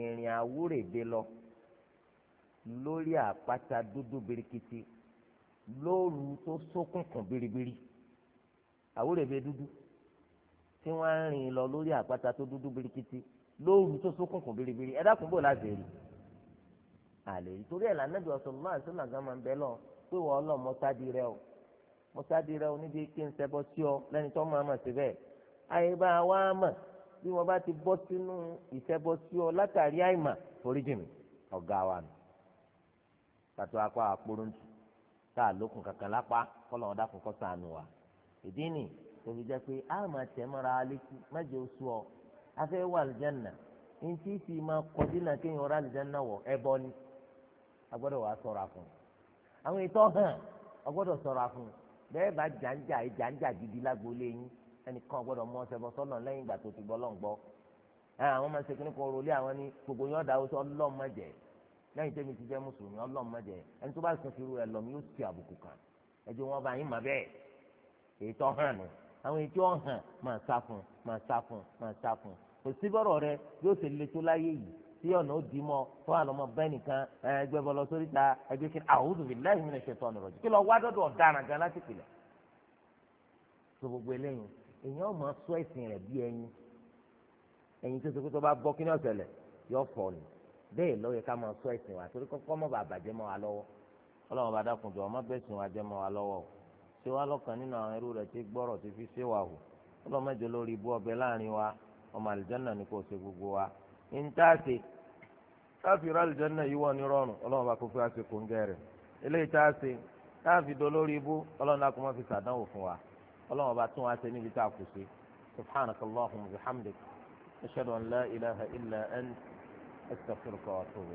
ìrìn àwúrèbe lọ lórí àpáta dúdú birikiti lóru tó ṣókùnkùn biribiri àwúrèbe dúdú tí wọ́n ń rìn lọ lórí àpáta tó dúdú birikiti lóru tó ṣókùnkùn biribiri ẹ dákun bò láti rí àlè torí ẹ̀ lànà ìjọsọ máa ṣe làgá máa ń bẹ lọ pé wọ́n lọ mọ́tádì rẹ o mọ́tádì rẹ o níbi kí n ṣẹbọ sí ọ lẹ́ni tó máa mà síbẹ̀ àyè bá wa mọ̀. bí wọn bá ti bọ́ sínú ọ látàrí àìmà foríjìmì ọ̀gá wa nù pàtó akọ àpòròǹtù tá a lókun kankan lápá kọ́lọ̀ ọ̀dà kò kọ́ sànù wa ìdí nì tòbí jẹ́ pé a máa tẹ̀ oṣù ọ wà ntí máa kéèyàn ẹbọ ni wàá àfún àwọn hàn ẹnìkan gbọ́dọ̀ mọ ọsẹ bọ sọlọ lẹ́yìn ìgbà tó ti gbọ lọǹgbọ àwọn máa ń ṣe kíní kan rọlé àwọn ní gbogbo yín ọdà oṣù Ọlọ́run má jẹ lẹ́yìn tẹmí ti jẹ mùsùlùmí Ọlọ́run má jẹ ẹni tó bá sùn fi ru ẹ lọmi yóò ti àbùkù kan ẹjọ wọn bá yín má bẹ́ẹ̀ èyí tó hàn nù àwọn èyí tó hàn máa sá fún máa sá fún máa sá fún kò sí bọ́rọ̀ rẹ yóò ṣe le tó láyé yìí tí ọ̀nà ó dì í mọ́ fún àlọ́mọ bẹ́ẹ̀ nìkan ẹgbẹ́ bọ́lọ́ sórí ta ẹgbẹ́ kí a'udhu billahi minash shaitani rajim kí lọ wá dọ́dọ̀ ọ̀daràn gan láti pìlẹ̀ tó gbogbo eléyìí èyàn ọmọ sọ ẹ̀sìn rẹ̀ bí ẹyin ẹyin tó ṣe bá gbọ́ kí ni ọ̀sẹ̀lẹ̀ yọ fọ ni bẹ́ẹ̀ ló yẹ ká máa sọ ẹ̀sìn wa torí kọ́kọ́ mọ̀ bàbà jẹ́ mọ́ wa lọ́wọ́ ọlọ́run bá dákun jọ ọmọ bẹ́ẹ̀ sìn wa jẹ́ mọ́ wa lọ́wọ́ o ṣé wá lọ́kàn nínú àwọn ẹrú rẹ̀ tí gbọ́rọ̀ ti fi ṣé wa hù ọlọ́run mẹ́jọ lórí ibú ọbẹ̀ láàrin wa ọmọ àlìjọ́nà ni kò ṣe gbogbo wa ń tá a ṣe káfíìrì àlìjọ́nà yìí wọ̀ ní rọrùn ọlọ́run bá fi wá ṣe eléyìí tá a ṣe káfíìdó lórí ibú ọlọ́run á kó fi ṣàdánwò fún wa ọlọ́run ọba tún wá ṣe níbi tá a kù sí subhanaka allahumma wa bihamdik ashhadu an la ilaha illa ant astaghfiruka wa atubu